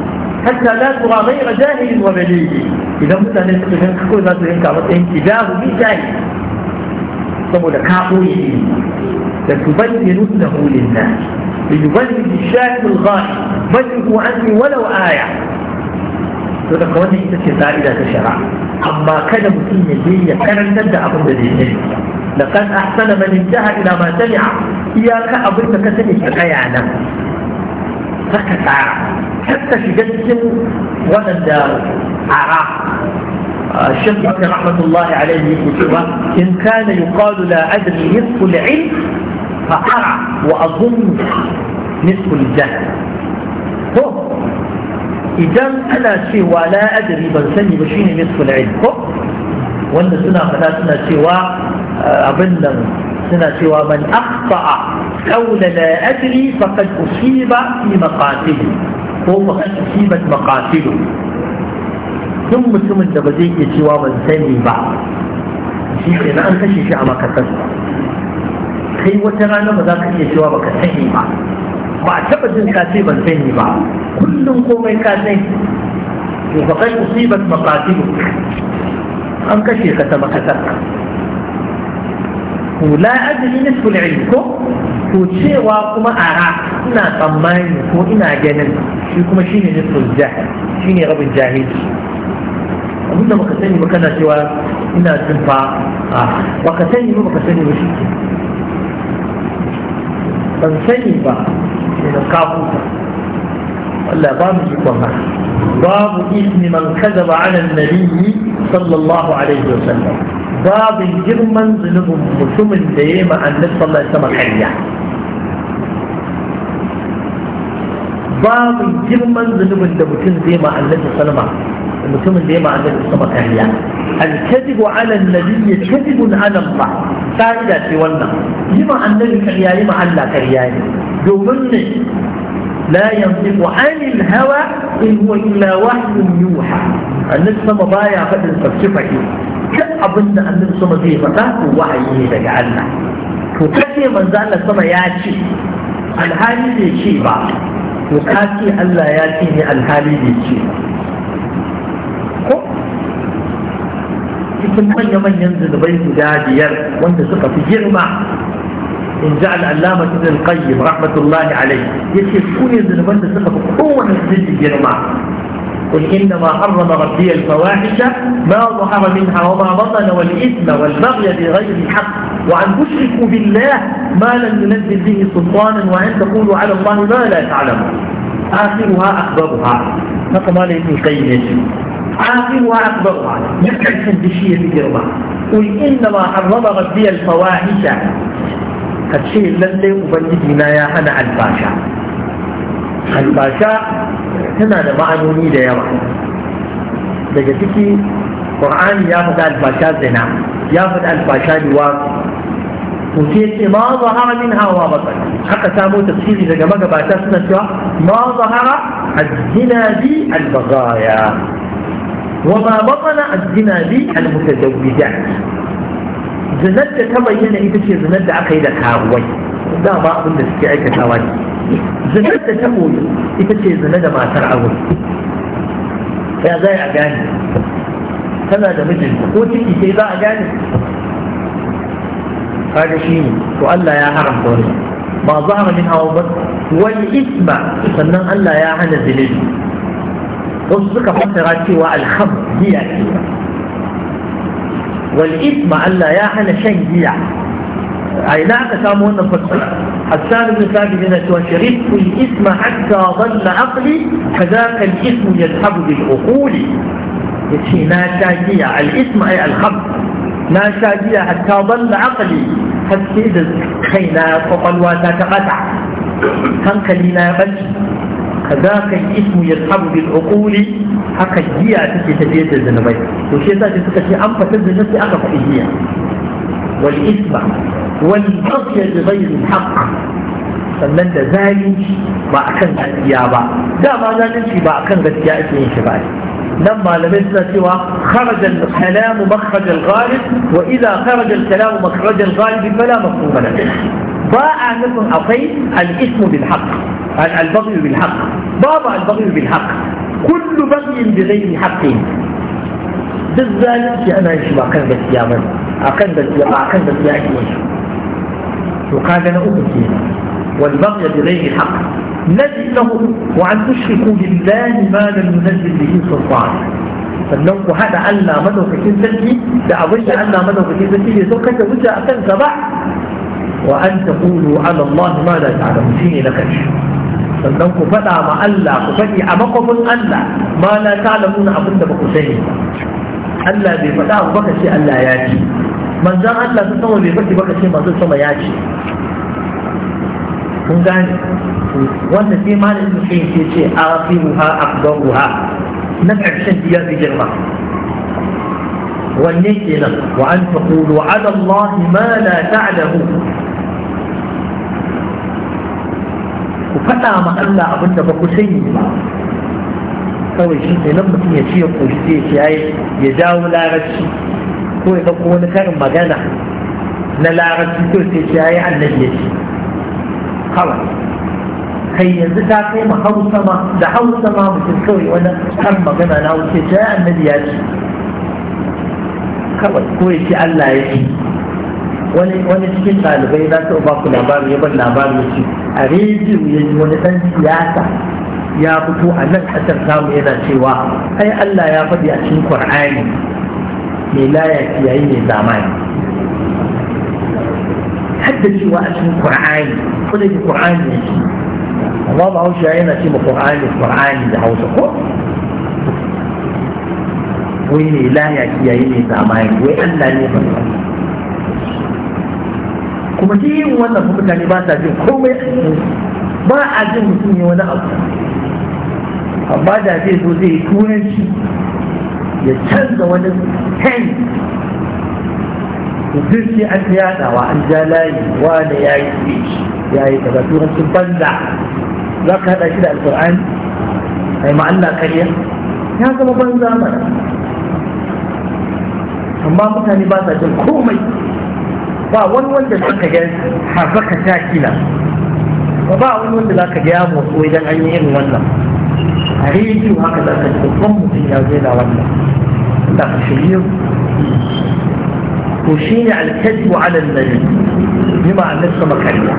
hatta la tuha ghayra zalik wa bali'i idan mutane suka ganka kawai za su yanka matsayin kidahu bi zalik saboda ka ɓoye ilimi da tubayyinu lahu lin-nas yubayyin ash-shahid al-ghaib bayyinu anni walau aya to da kawai ita ce sa'ida ta shari'a amma kada mutum ya je ya karantar da abin da zai yi لقد أحسن من انتهى إلى ما سمع إياك أبنك كسمي كيانا فكت عرق حتى شجتهم ولد عراق الشيخ بكر رحمة الله عليه يقول إن كان يقال لا أدري نصف العلم فأرى وأظن نصف الجهل هو إذا أنا سوى لا أدري بل سني بشين نصف العلم هو وأن سنة فلا سنة سوى أبنا آه، سنة سوى من أخطأ قول لا أدري فقد أصيب في مقاتله هو فقد أصيبت مقاتله duk mutumin da ba zai iya cewa ban sani ba shi ke na an kashe shi a makasar kai wata rana ba za ka iya cewa baka sani ba ba a taɓa jin ka ce ban sani ba kullum komai ka sani to ba kai usibat maqatilu an kashe ka ta makasar to la adri nisfu al-ilm ko to cewa kuma ara ina tsammani ko ina ganin shi kuma shine nisfu al-jahl shine rabin jahilci abin da baka sani ba kana cewa ina jin fa baka sani ba baka sani ba shi ke ban sani ba da kafuta Allah ba mu ikon haka babu ismi man ba ala nabiyyi sallallahu alaihi wa sallam babu girman zunubin mutumin da ya yi ma'annin sallallahu alaihi wa sallam karya babu girman zunubin da mutum zai ma'annin sallallahu alaihi wa sallam mutumin da ya ma'ana da sama kariya alkadibu ala nabi kadibun ala Allah ka'ida ce wannan yi ma annabi kariya yi ma لا ينطق عن الهوى إن هو إلا وحي يوحى النبي صلى الله عليه وسلم كأبن النبي صلى الله عليه وسلم وحي يتجعلنا وكثير من ذلك صلى الله عليه وسلم الحالي لشيبا وكاتي الله ياتيني الحالي لشيبا cikin manya-manyan zunubai guda biyar wanda suka fi girma in ji al'allama ibn al-qayyim rahmatullahi alayhi yace su ne zunuban da suka fi kowane zunubi girma قل إنما حرم ربي الفواحش ما ظهر منها وما بطن والإثم والبغي بغير الحق وأن تشركوا بالله ما لم ينزل به سلطانا وأن تقولوا على الله ما لا تعلمون آخرها أخبرها نقم ابن القيم عاقل وأكبر يبحث في الشيء في جربه قل انما الله ربي الفواحش الفواحش الشيء الذي أبدد هنا يا أنا الباشا الباشا هنا لما أنوني لي يا قرآن يأخذ الباشا زنا يأخذ الباشا دواب وكيف ما ظهر منها وابطل حتى سامو تفسير إذا جمعك باشا سنة ما ظهر الزنا دي البغايا وما بطن الزنا بي المتزوجات zinar da ta bayyana ita ce zinar da aka yi da kawai da ba abin da suke aikatawa ne zinar da ta boye ita ce zinar da matar aure ya zai a gane tana da mijinta ko ciki za a gane kaga shi ne to Allah ya haramta wani ba wani isma sannan Allah ya hana zunubi wasu suka fassara cewa alham giya ce wal isma Allah ya hana shan giya a ina aka samu wannan fassara حسان بن ثابت هنا شربت الاسم حتى ظل عقلي كذاك الاسم يذهب بالعقول يتشي ناشاجية الاسم أي الخبر ناشاجية حتى ظل عقلي حتى إذا خينا فقلوا تتقطع هنكلينا بجي ذاك الاسم يصحب بالعقول حق الجيعة تكي تبيت الزنبي وشي ذاك تكي تكي أنفى تبدي نفسي أخف الجيعة والإسم والبقية بغير الحق فمن ذالي بأكن الجيابة دا ما ننشي بأكن غتياء سين شبالي لما لمسنا سوى خرج الكلام مخرج الغالب وإذا خرج الكلام مخرج الغالب فلا مفهوم له باع لكم أخي الاسم بالحق البغي بالحق بابا البغي بالحق كل بغي بغير حق بالذات في انا ايش باكن بس يا من اكن بس يا باكن يا ايش وكان انا اوكي والبغي بغير حق نجد له وان تشركوا بالله ما لم ينزل به سلطان فالنوك هذا علا منه في كنسكي دعوش علا منه في كنسكي يسوك كنسكي أكن سبع وأن تقولوا على الله ما لا تعلم فيه لك الشيء sannan ku faɗa ma Allah ku faɗi a makwafin Allah ma la ta'lamuna abin da ba ku sani Allah bai faɗa abu baka ce Allah ya ce manzan Allah ta sama bai faɗi baka ce masu sama ya ce kun gane wanda sai malamin mutum ke ce akhiruha akbaruha na ƙarshen biya zai girma wanne kenan wa an taqulu ala Allah ma la ta'lamu ku faɗa ma Allah abin da ba ku sani ba kawai shi ne nan mutum ya ci ya koshi sai ya ci, ya Ya jawo larabci ko ya ɗauko wani karin magana na larabci ko sai ce yayi annabi ya ce kawai kai yanzu ta kai ma hausa ma da hausa ma mutum kawai wani kan magana na wuce ce yayi annabi ya ce kawai ko ya ci Allah ya ci. wani wani cikin ɗalibai za ta ba ku labari ya ban labari ya ce a rediyo ya ji wani ɗan siyasa ya fito a nan ƙasar samu yana cewa ai Allah ya faɗi a cikin Qur'ani mai laya kiyayi mai zamani hadda cewa a cikin Qur'ani ko da Qur'ani ne shi amma ba Hausa yana ce ma Qur'ani Qur'ani da Hausa ko wai mai laya kiyayi mai zamani wai Allah ne ba kuma shi yin wannan fa mutane ba sa jin komai ba a jin mutum ne wani abu amma da zai zo zai turanci ya canza wani hen duk sai an yadawa an ja layi wanda ya yi speech ya yi daga turancin banza za ka haɗa shi da alƙur'ani ai ma Allah kariya ya zama banza mai amma mutane ba sa jin komai ba wani wanda za ka ga haɓaka ta kila ba wani wanda za ka ga ya motsu idan an yi irin wannan a rediyo haka za ka ji babban mutum ya zai da wannan da ka shirye Ko shi ne alkajibu alal nabi yi ma annabi sama karya,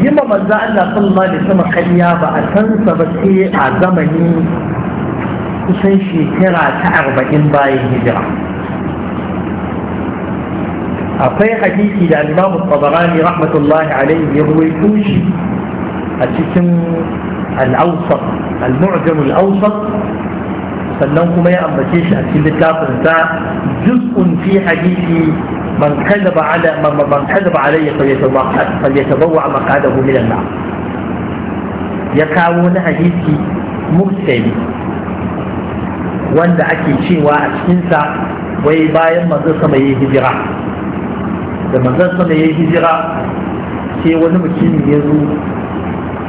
yi ma manzo Allah sallallahu alaihi wasallam karya ba a san sa ba sai a zamani kusan shekara ta arba'in bayan hijira akwai hadisi da al-Imam Tabarani rahmatullahi alayhi ya ruwaito shi a cikin al-Awsat al-Mu'jam al-Awsat sannan kuma ya ambace shi a cikin littafin sa juz'un fi hadisi man kadaba ala man kadaba alayya falyatabawwa maqadahu min ya kawo na hadisi mursali wanda ake cewa a cikinsa wai bayan manzo sama ya hijira da manzan sama ya hijira sai wani mutum ya zo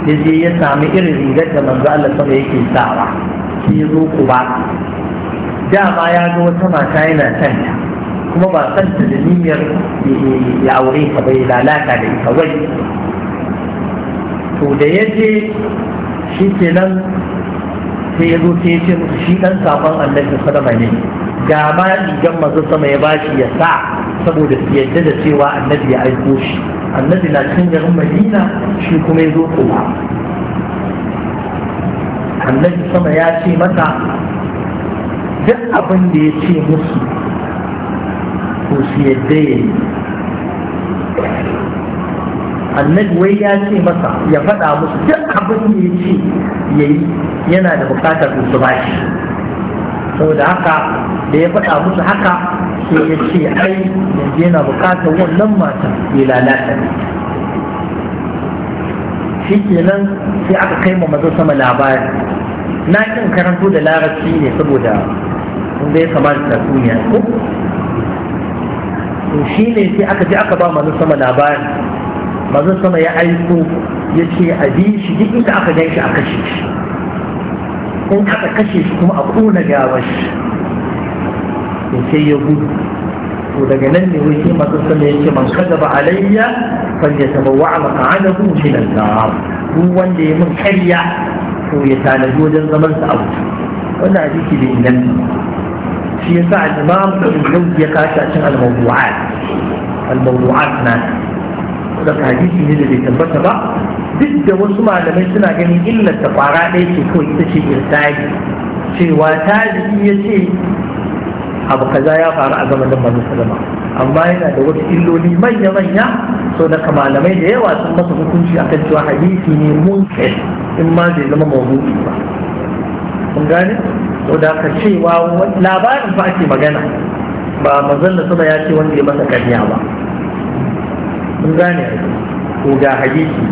ya je ya sami irin rigar da manzo Allah sama yake sawa sai ya zo ku ba dama ya ga wata mata yana son kuma ba son ta da niyyar ya aure ka bai lalata da ita wai to da ya je shi nan sai ya zo sai ya ce shi dan sakon annabi sallama ne ga ma rigar manzo sama ya bashi ya sa saboda su yadda da cewa annabi ya aiko shi annabi na cikin garin madina shi kuma ya zo kuma annabi sama ya ce mata duk abin da ya ce musu ko su yadda ya yi annabi wai ya ce masa ya faɗa musu duk abin da ya ce ya yi yana da bukatar su ba shi saboda haka da ya faɗa musu haka sai ya ce ai yanzu yana bukatar wannan mata ya lalata ne shi kenan sai aka kai ma mazo sama labari na kin karanto da larabci ne saboda kun ya kamata da duniya ko to shi ne sai aka je aka ba mazo sama labari mazo sama ya aiko ya ce a bi shi duk inda aka gan shi a kashe shi in aka kashe shi kuma a kona gawar shi to sai ya gudu to daga nan ne wai sai masu sama ya ce man kada ba alayya fan ya taba wa ala ka'adahu min al-nar duk wanda ya mun karya to ya tanadi wajen zaman sa abu wannan hadisi da inan shi yasa al-imam ibn Jawzi ya kashi a cikin al-mawdu'at al-mawdu'at na da hadisi ne da bai tabbata ba duk da wasu malamai suna ganin illar ta kwara ɗaya ce kawai ita ce irtaki cewa tabi'i ya ce abu kaza ya faru a zamanin manzo sallama amma yana da wasu illoli manya manya so da malamai da yawa sun masa hukunci akan cewa hadisi ne munkar in ma zai zama mawdu'i ba kun gane so da ka cewa labarin fa ake magana ba manzon da sama ya ce wanda ya masa karya ba kun gane ko ga hadisi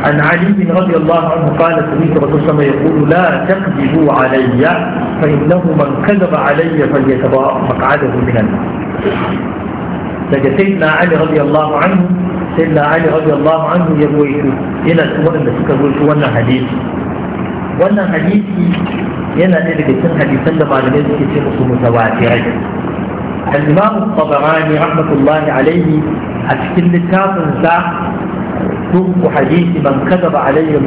عن علي رضي الله عنه قال سمعت رسول الله يقول لا تكذبوا علي فإنه من كذب علي فليتبع مقعده من النار daga sayyidina Ali radiyallahu anhu sayyidina Ali radiyallahu anhu ya ruwaito yana cikin waɗanda suka ruwaito wannan hadisi wannan hadisi yana ɗaya daga cikin hadisan da malamai suke ce musu mutawatirai al-Imam Tabarani rahmatullahi alaihi a cikin littafin sa hadisi man kadaba alayya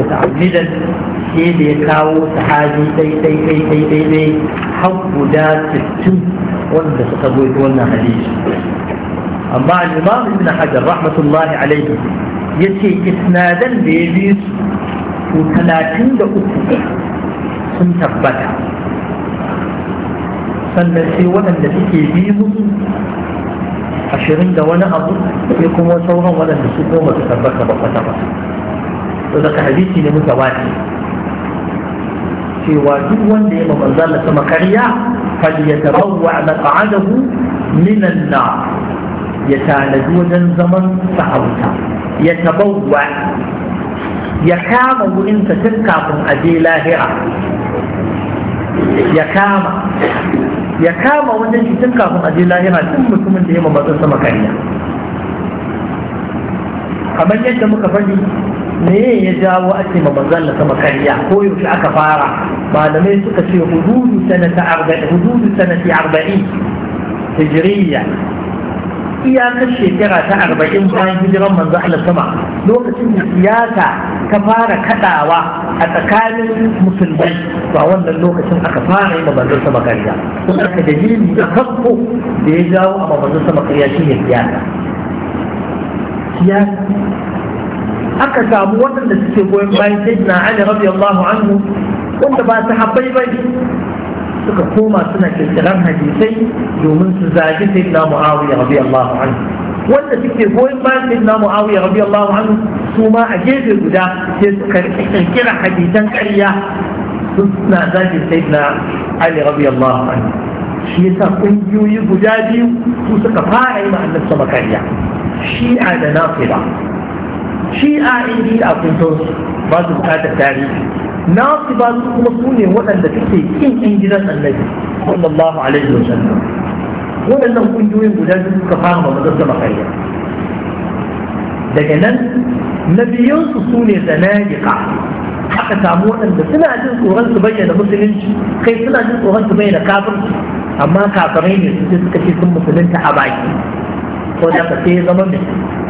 sai da ya kawo sahabi daidai daidai daidai dai har guda 60 wanda suka zo wannan hadisi amma al-imam ibn hajar rahmatullahi alaihi yace isnadan da ya bi su da uku sun tabbata sannan sai waɗanda suke bi mu, ashirin da wani abu sai kuma sauran waɗanda su koma su tabbata ba kwata ba to daga hadisi ne muka wace cewa duk wanda ya manzo Allah sama ƙarya falyatabawwa maq'adahu minan nar ya tanadi wajen zaman sa'auta ya tabawwa ya kama wurin ta tun kafin a je lahira ya kama ya kama wajen shi tun kafin a je lahira tun mutumin da ya manzo sama ƙarya kamar yadda muka faɗi me ya jawo ake ma manzon Allah sama kariya ko yaushe aka fara malamai suka ce hududu sanata arba'in hududu sanati arba'in hijriya iyakar shekara ta arba'in bayan hijiran manzo Allah sama lokacin da siyasa ta fara kadawa a tsakanin musulmai ba wannan lokacin aka fara yi ma manzo sama kariya kun aka dalili da kakko da ya jawo a manzo sama kariya shine siyasa siyasa aka samu waɗanda suke goyon bayan sayyidina ali radiyallahu anhu wanda ba su habbai ba suka koma suna kirkiran hadisai domin su zagi sayyidina muawiya radiyallahu anhu wanda suke goyon bayan sayyidina muawiya radiyallahu anhu su ma a gefe guda sai su kirkira hadisan ƙarya suna zagi sayyidina ali radiyallahu anhu shi yasa ƙungiyoyi guda biyu su suka fara yi ma annabi sama ƙarya shi'a da nafila shi'a in bid'a kun san su ba su bukatar tarihi nasu ba su kuma su ne waɗanda suke kin in gidan annabi sallallahu alaihi wa sallam waɗannan ƙungiyoyin guda biyu suka fara ma mazan sama karya daga nan nabiyansu su ne zanadiƙa aka samu waɗanda suna jin tsoron su bayyana musulunci kai suna jin tsoron su bayyana kafirci amma kafirai ne su suka ce sun musulunta a baki ko da ka sai zama mai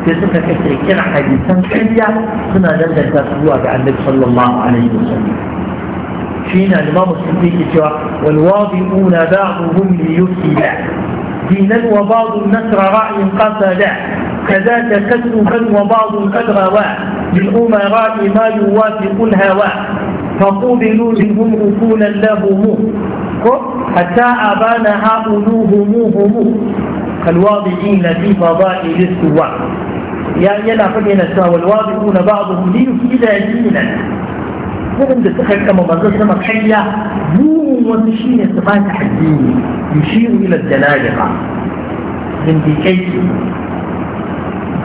sai suka kake kira hadisan ƙarya suna danganta su zuwa ga annabi sallallahu alaihi wasallam shi na limamu sun yake cewa wal wadi'una ba'dhum li yufsida دينا وبعض النصر رأي قتل كذاك كسبا وبعض قد غوى للأمراء ما يوافق الهوى فقبلوا منهم أكولا لهم حتى أبان هؤلاء هموهم كالواضعين في فضائل السواء ya yana fadi yana cewa wal wadi'una ba'dhum li yufida dinan da suka kama manzon sama kayya burin wasu shine su ba ta addini yushiru ila janabiqa zindikai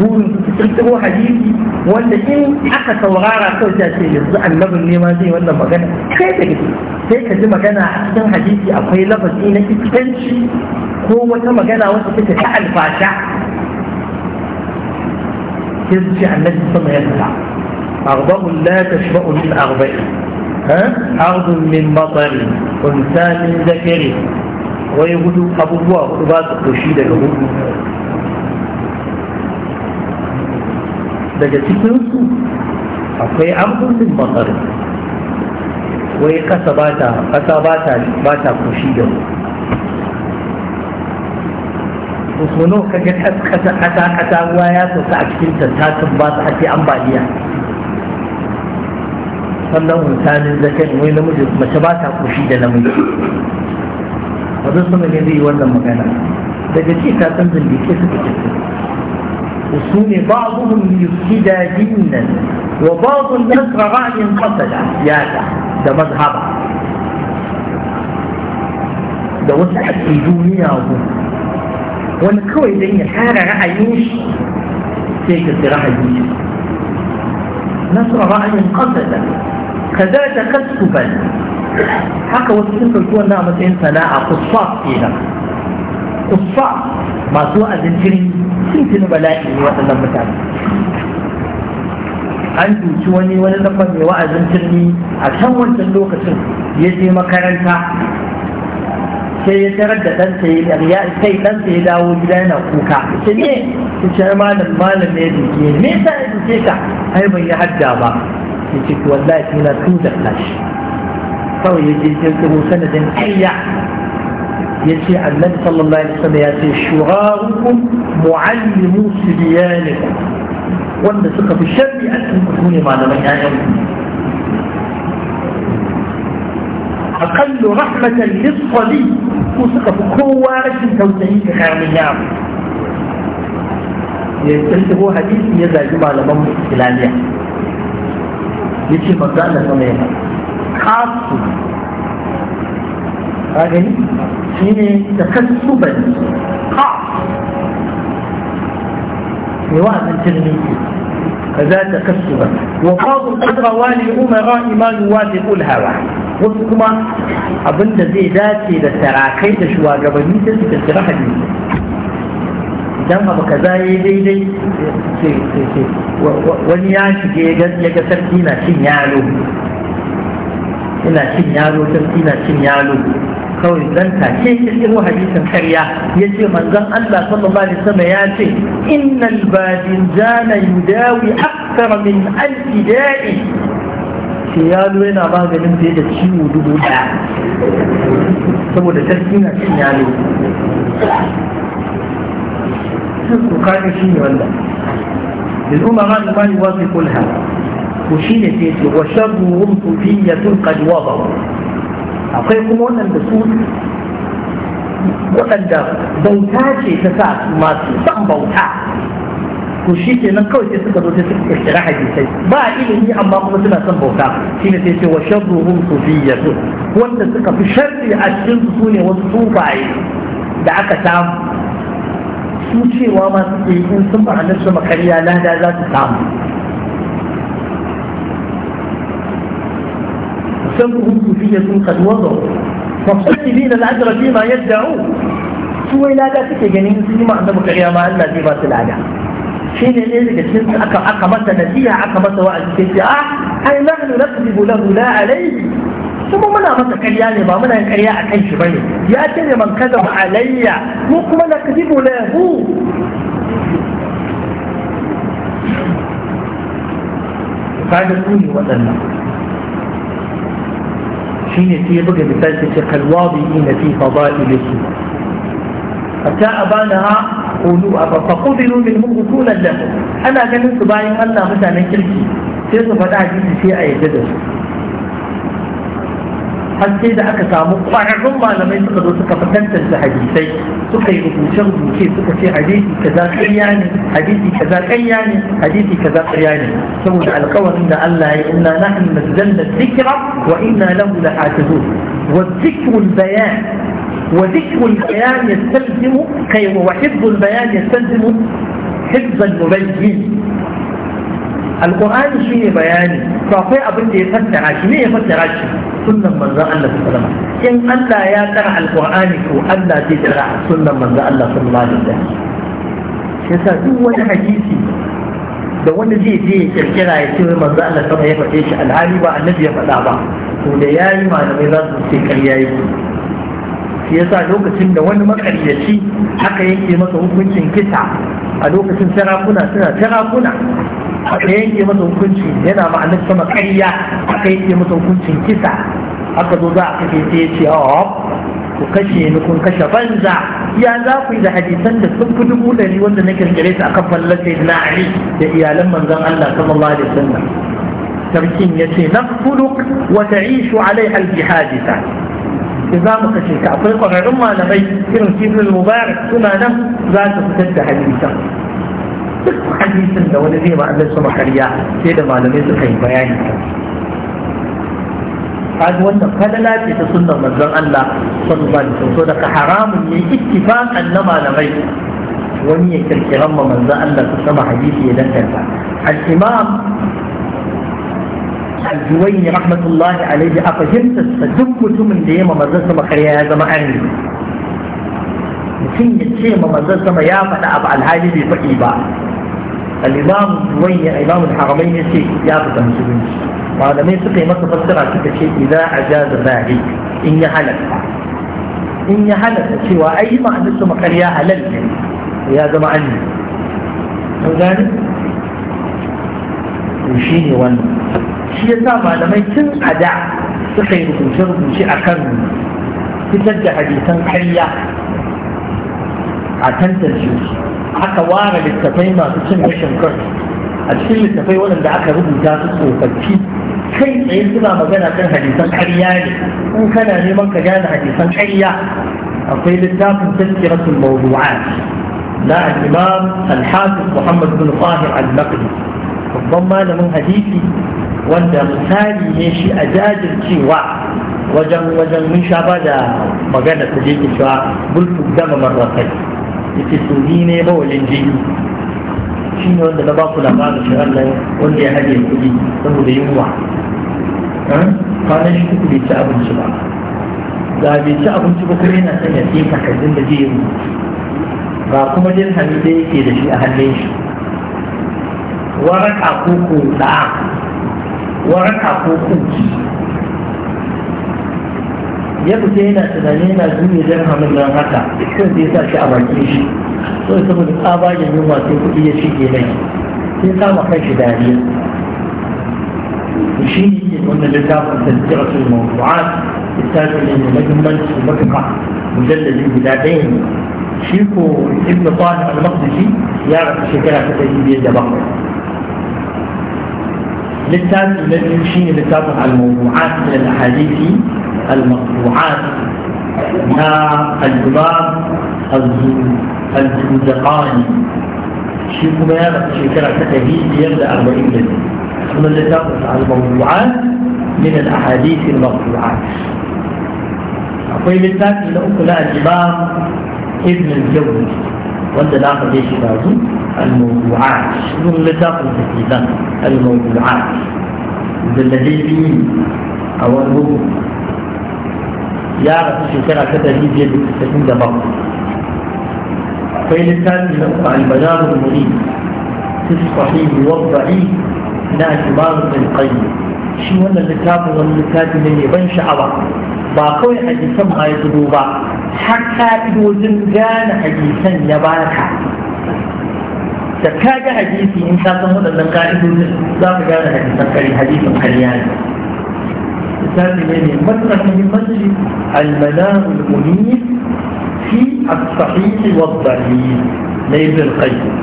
burin su kirkiro hadisi wanda in aka saurara kawai ta ce yanzu annabin ne ma zai wannan magana kai da gaske sai ka ji magana a cikin hadisi akwai lafazi na iskanci ko wata magana wata take ta albasha يرجع النبي صلى الله عليه وسلم أغضاء لا تشبع من أغضاء أرض من بطر أنثى من ذكر ويقول أبو بوا أبوات الله الهود daga cikinsu akwai abdulmin matsar wai kasa ba ta kushi da to so nawa kaga kasa kasa kasa ruwa ya sauka a cikin ta ta tabbata ake ambaliya sannan mutanen zakan wai namiji mace ba ta kushi da namiji wajen sama ne zai yi wannan magana daga ce ka san zindike suka ce su ne ba zuhun yusida dinnan wa ba zuhun nasra ra'ayin kasada yada da mazhaba da wasu ake duniya ku wani kawai don ya tara ra'ayin shi sai ka fi ra'ayin shi nasu ra'ayin kasada kaza ta kasuban haka wasu sun ɗauki wannan a matsayin sana'a kusa kenan kusa masu wa'azin jirgin sun tuni bala'i ne waɗannan mutane an cuci wani wani lafa mai wa'azin turmi a can wancan lokacin ya je makaranta sai ya tarar da ɗansa ya kai ɗansa ya dawo gida yana kuka ce ne ya ce malam malam ne ya duke ni me yasa ya duke ka ai ban yi hadda ba ya ce to wallahi sai na tuda kashi kawai ya je ya sanadin ayya ya ce annabi sallallahu alaihi wasallam ya ce shurarukum muallimu sibiyanikum wanda suka fi sharri a cikin ku ne malaman ƴaƴanku أقل رحمة للصبي وثقة بقوة رجل توسعين في خير حديث يزا جمع لمن إسلامية يتشي مقالة صميمة خاصة أغني شيني تكسبا خاص نواة الترمذي كذا تكسبا وقاض القدر والي أمراء ما يوافق الهوى wasu kuma abin da zai dace da sarakai da shugabanni da su kirkira hadisi idan abu kaza ya yi daidai wani ya shige ya ga sarki na cin yalo ina cin yalo sarki na cin yalo kawai dan take kirkiro hadisin karya ya ce manzon Allah sallallahu alaihi wasallam ya ce innal badin jana yudawi akthar min alfida'i ce yalo yana maganin fiye da ciwo dubu ɗaya saboda sarki na cin yalo sun kuka kaji shi ne da zuma ma da mani wasu kulha ko shi ne sai ce wa shabu hum kaji qad ba, akwai kuma wannan da su waɗanda bauta ce ta sa masu san bauta to shi ke nan kawai sai suka zo sai suka kira hadisai ba ilimi amma kuma suna son bauta shi ne sai ce wa sharruhum sufiyatu wanda suka fi sharri a cikin su ne wasu sufaye da aka samu su cewa ma suke yi in sun ba nasu makariya lada za su samu sharruhum sufiyyatu kad wai lada suke ganin يدعون yi لا تتجنين سيما ma Allah zai ba su lada shi ne ɗaya daga cikin aka aka masa nasiha aka masa wa'azi sai ce ah ai nahnu nakdibu lahu la alai? kuma muna masa ƙarya ne ba muna ƙarya a kan shi ne. ya ce ne man kaza alayya mu kuma na nakdibu hu? kaga su ne waɗannan shi ne sai ya buga misali ce kalwabi ina fi fadaili su hatta abana فقبلوا منه رسولا له ana ganin su bayan Allah mutanen kirki sai su faɗa hadisi sai a yadda da su har sai da aka samu ƙwararrun malamai suka zo suka tantance hadisai suka yi rubuce-rubuce suka ce hadisi kaza ƙarya ne hadisi kaza ƙarya ne hadisi kaza ƙarya ne saboda alƙawarin da Allah ya inna nahnu nazzalna dhikra wa inna lahu lahafizun wa dhikrul bayan وذكر البيان يستلزم وحفظ البيان يستلزم حفظ المبين القرآن شيء بياني فأقول أبن دي فتح شيء مين فتح شيء سنة من ذا الله صلى الله عليه إن ألا يا ترى القرآن كو ألا تدرى سنة من ذا الله صلى الله عليه وسلم يسا دو ولا حديثي da wanda zai je ya kirkira ya ce manzo Allah sama ya faɗe shi alhali ba annabi ya faɗa ba to da yayi malamai za ce ƙarya yake shi yasa lokacin da wani makaryaci haka yanke masa hukuncin kisa a lokacin sarakuna suna sarakuna aka yanke masa hukuncin yana ma'anar sama karya aka yanke masa hukuncin kisa Haka zo za a kashe sai ya ce oh, ku kashe ni kun kashe banza ya za ku yi da hadisan da sun fi dubu ɗari wanda na kirkire su a kan fallar na Ali da iyalan manzon Allah sallallahu alaihi wasallam sarkin ya ce nafsuluk wa ta'ishu alaiha al-jihadita إمام قشي كأطريق وعلمة نبي كرم كبير المبارك كما نم ذات فتدى حديثا حديثا لو نبي ما أنزل سمح لي كيدا ما لم يزل خير بياني هذا وانا قد لا تتصنى مزرع الله صلى الله عليه وسلم صدق حرام يتفاق أنما نبي وني يكرك رمى مزرع الله سمح حديثي لن تنفع الإمام الزويني رحمة الله عليه أفهمت السدوك من دي ممزل سما خريا يا زما أني مكين يتشي ممزل سما يا فتا أبع الهالي دي فإيبا الإمام الزويني إمام الحرمين يتشي يا فتا مسلمين وهذا ما يسقي ما تفسر على كتشي إذا أجاز باهي إن يحلق إن يحلق يتشي وأي معنى سما خريا هلل يا زما أني وذلك وشيني وانه shi ya sa malamai tun a da suka yi rubuce-rubuce a kan fitar da hadisan karya a tantance su aka ware littafai masu cin gashin kan a cikin littafai waɗanda aka rubuta su tsofaffi kai tsaye suna magana kan hadisan karya ne in kana neman ka gane hadisan karya akwai littafin tazkiratul mawdu'at na al-imam al-hafiz Muhammad bin Qahir al-Naqdi babban malamin hadisi wanda misali ne shi a jajircewa wajen wajen mun sha ba da magana ta je ki cewa bulku dama marrakai ita su ni ne mawalin jini shi ne wanda na ba ku labarin shi Allah wanda ya haɗe kuɗi saboda yunwa kwanan shi kuku bai ci abinci ba ga bai ci abinci ba kuma yana son ya ce takardun da zai ba kuma dirhami da yake da shi a hannun shi waraka ko ko da'a waraka ko kunci ya fice yana tunani yana duniya jan hannun don haka sai sai sa shi a bakin shi sai saboda tsabagen yunwa sai kuɗi ya shige nai, sai kama kan shi dariya shi ne wannan littafin tantiratul mawdu'at tafi ne mai muhimmanci matuƙa mujalladin guda ɗaya ne shi ko ibn fahim al-Maqdisi ya rasu shekara ta ɗari biyar da bakwai للتاج الذي يشير على الموضوعات من الاحاديث المقطوعات يا الباب الزندقاني شيخ بيان الشيخ الاعتقاديه يبدا 40 لتر من الاتاق على الموضوعات من الاحاديث المقطوعات وفي للتاج الاخرى الامام ابن الجوزي وانت لاحظ ايش بعده الموضوعات شنو اللتاق التي الموضوعات بي أو الهو يعرف رب شكرا كذا لي بيد التسليم ده بقى فإن كان يوقع البلاغ المريد في الصحيح والضعيف لا اعتبار من قيم شو اللي الكتاب ولا الكتاب من يبان شعبه باقوي حديثا ما يدروا حتى إذا وزن كان حديثا يبارك da ka ga hadisi in ka san waɗannan ka'idodin za ka gane hadisan kare hadisin kariya ne misali ne ne matsalar muhimmanci almanahu al-munir fi as-sahih wa ad-dalil na ibn al-qayyim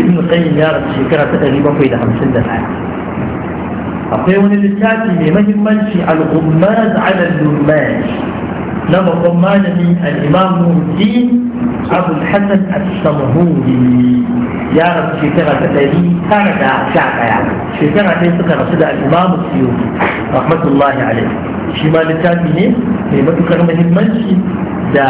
ibn al-qayyim ya rasu shekara ta ɗari bakwai da hamsin da ɗaya akwai wani littafi mai muhimmanci al-gummaz ala al-lummaj na babban malami al'imam muhdi abu hassan al-samhuri ya rasu shekara ta ɗari tara da sha ɗaya shekara ɗaya suka rasu da al'imam siyoti rahmatullahi alaihi shi ma littafi ne mai matukar muhimmanci da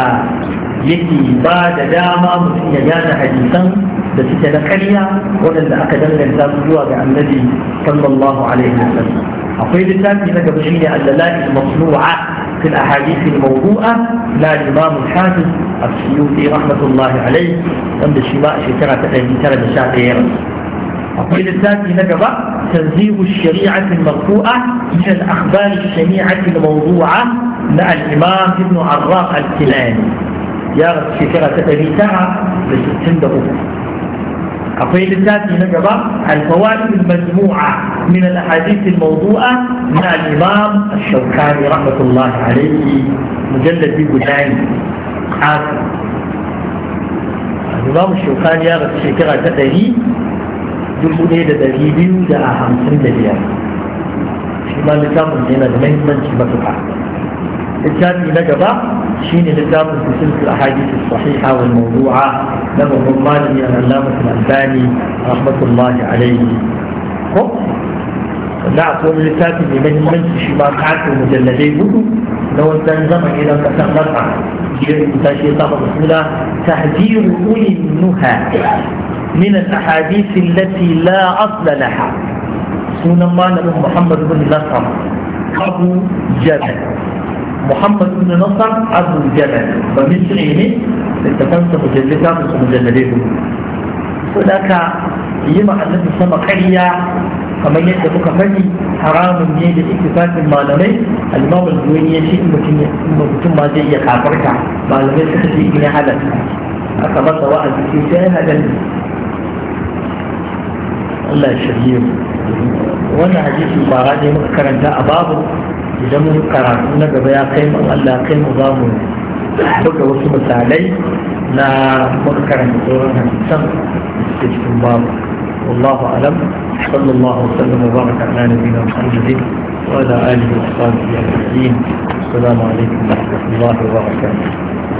yake ba da dama mutum ya gane hadisan da suke na karya waɗanda aka danganta su zuwa ga annabi sallallahu alaihi sallam. أقول للناس إنك بشيني الدلائل المطلوعة في الأحاديث الموضوعة لا الإمام الحافظ السيوطي رحمة الله عليه عند الشماء شكرة تقريبا ترى مشاعر أقول للناس إنك بقى تنزيه الشريعة المرفوعة من الأخبار الشنيعة الموضوعة لا الإمام ابن عراق الكلاني يا رب شكرة تقريبا ترى لستين أقول للذات هنا جبا الفوائد المجموعة من الأحاديث الموضوعة مع الإمام الشوكاني رحمة الله عليه مجلد بجداني حاسم الإمام الشوكاني يا رب شكرا تدري جمهور إيه تدري بيو دا خمسين دليل شمال لكم هنا دمين من شبكة الكتاب من جبا شين ذكرت في سلسلة الاحاديث الصحيحه والموضوعه لما الله هي العلامه الالباني رحمه الله عليه. لا اقول لكاتب من من الشباب حتى المجلدين بدو لو كان زمن الى مكان مرعى تحذير اولي النهى من الاحاديث التي لا اصل لها. سنما لهم محمد بن نصر ابو جبل محمد بن نصر عبد الجبل فمصري ne da kansa mujallita su mujallalai ko da ka yi ma'anar sama karya kamar yadda kuka faɗi haramun ne da ittifaqin malamai al-imam al-bukhari ya ce mutum mutum ma zai iya kafarta malamai suka ce in ya halal aka masa karanta a babu idan mun karatu na gaba ya kai mu Allah kai mu za mu buga wasu misalai na muka karanta sauran hadisan da cikin babu والله أعلم صلى الله وسلم وبارك wa نبينا محمد وعلى آله وصحبه أجمعين السلام wa ورحمة wa وبركاته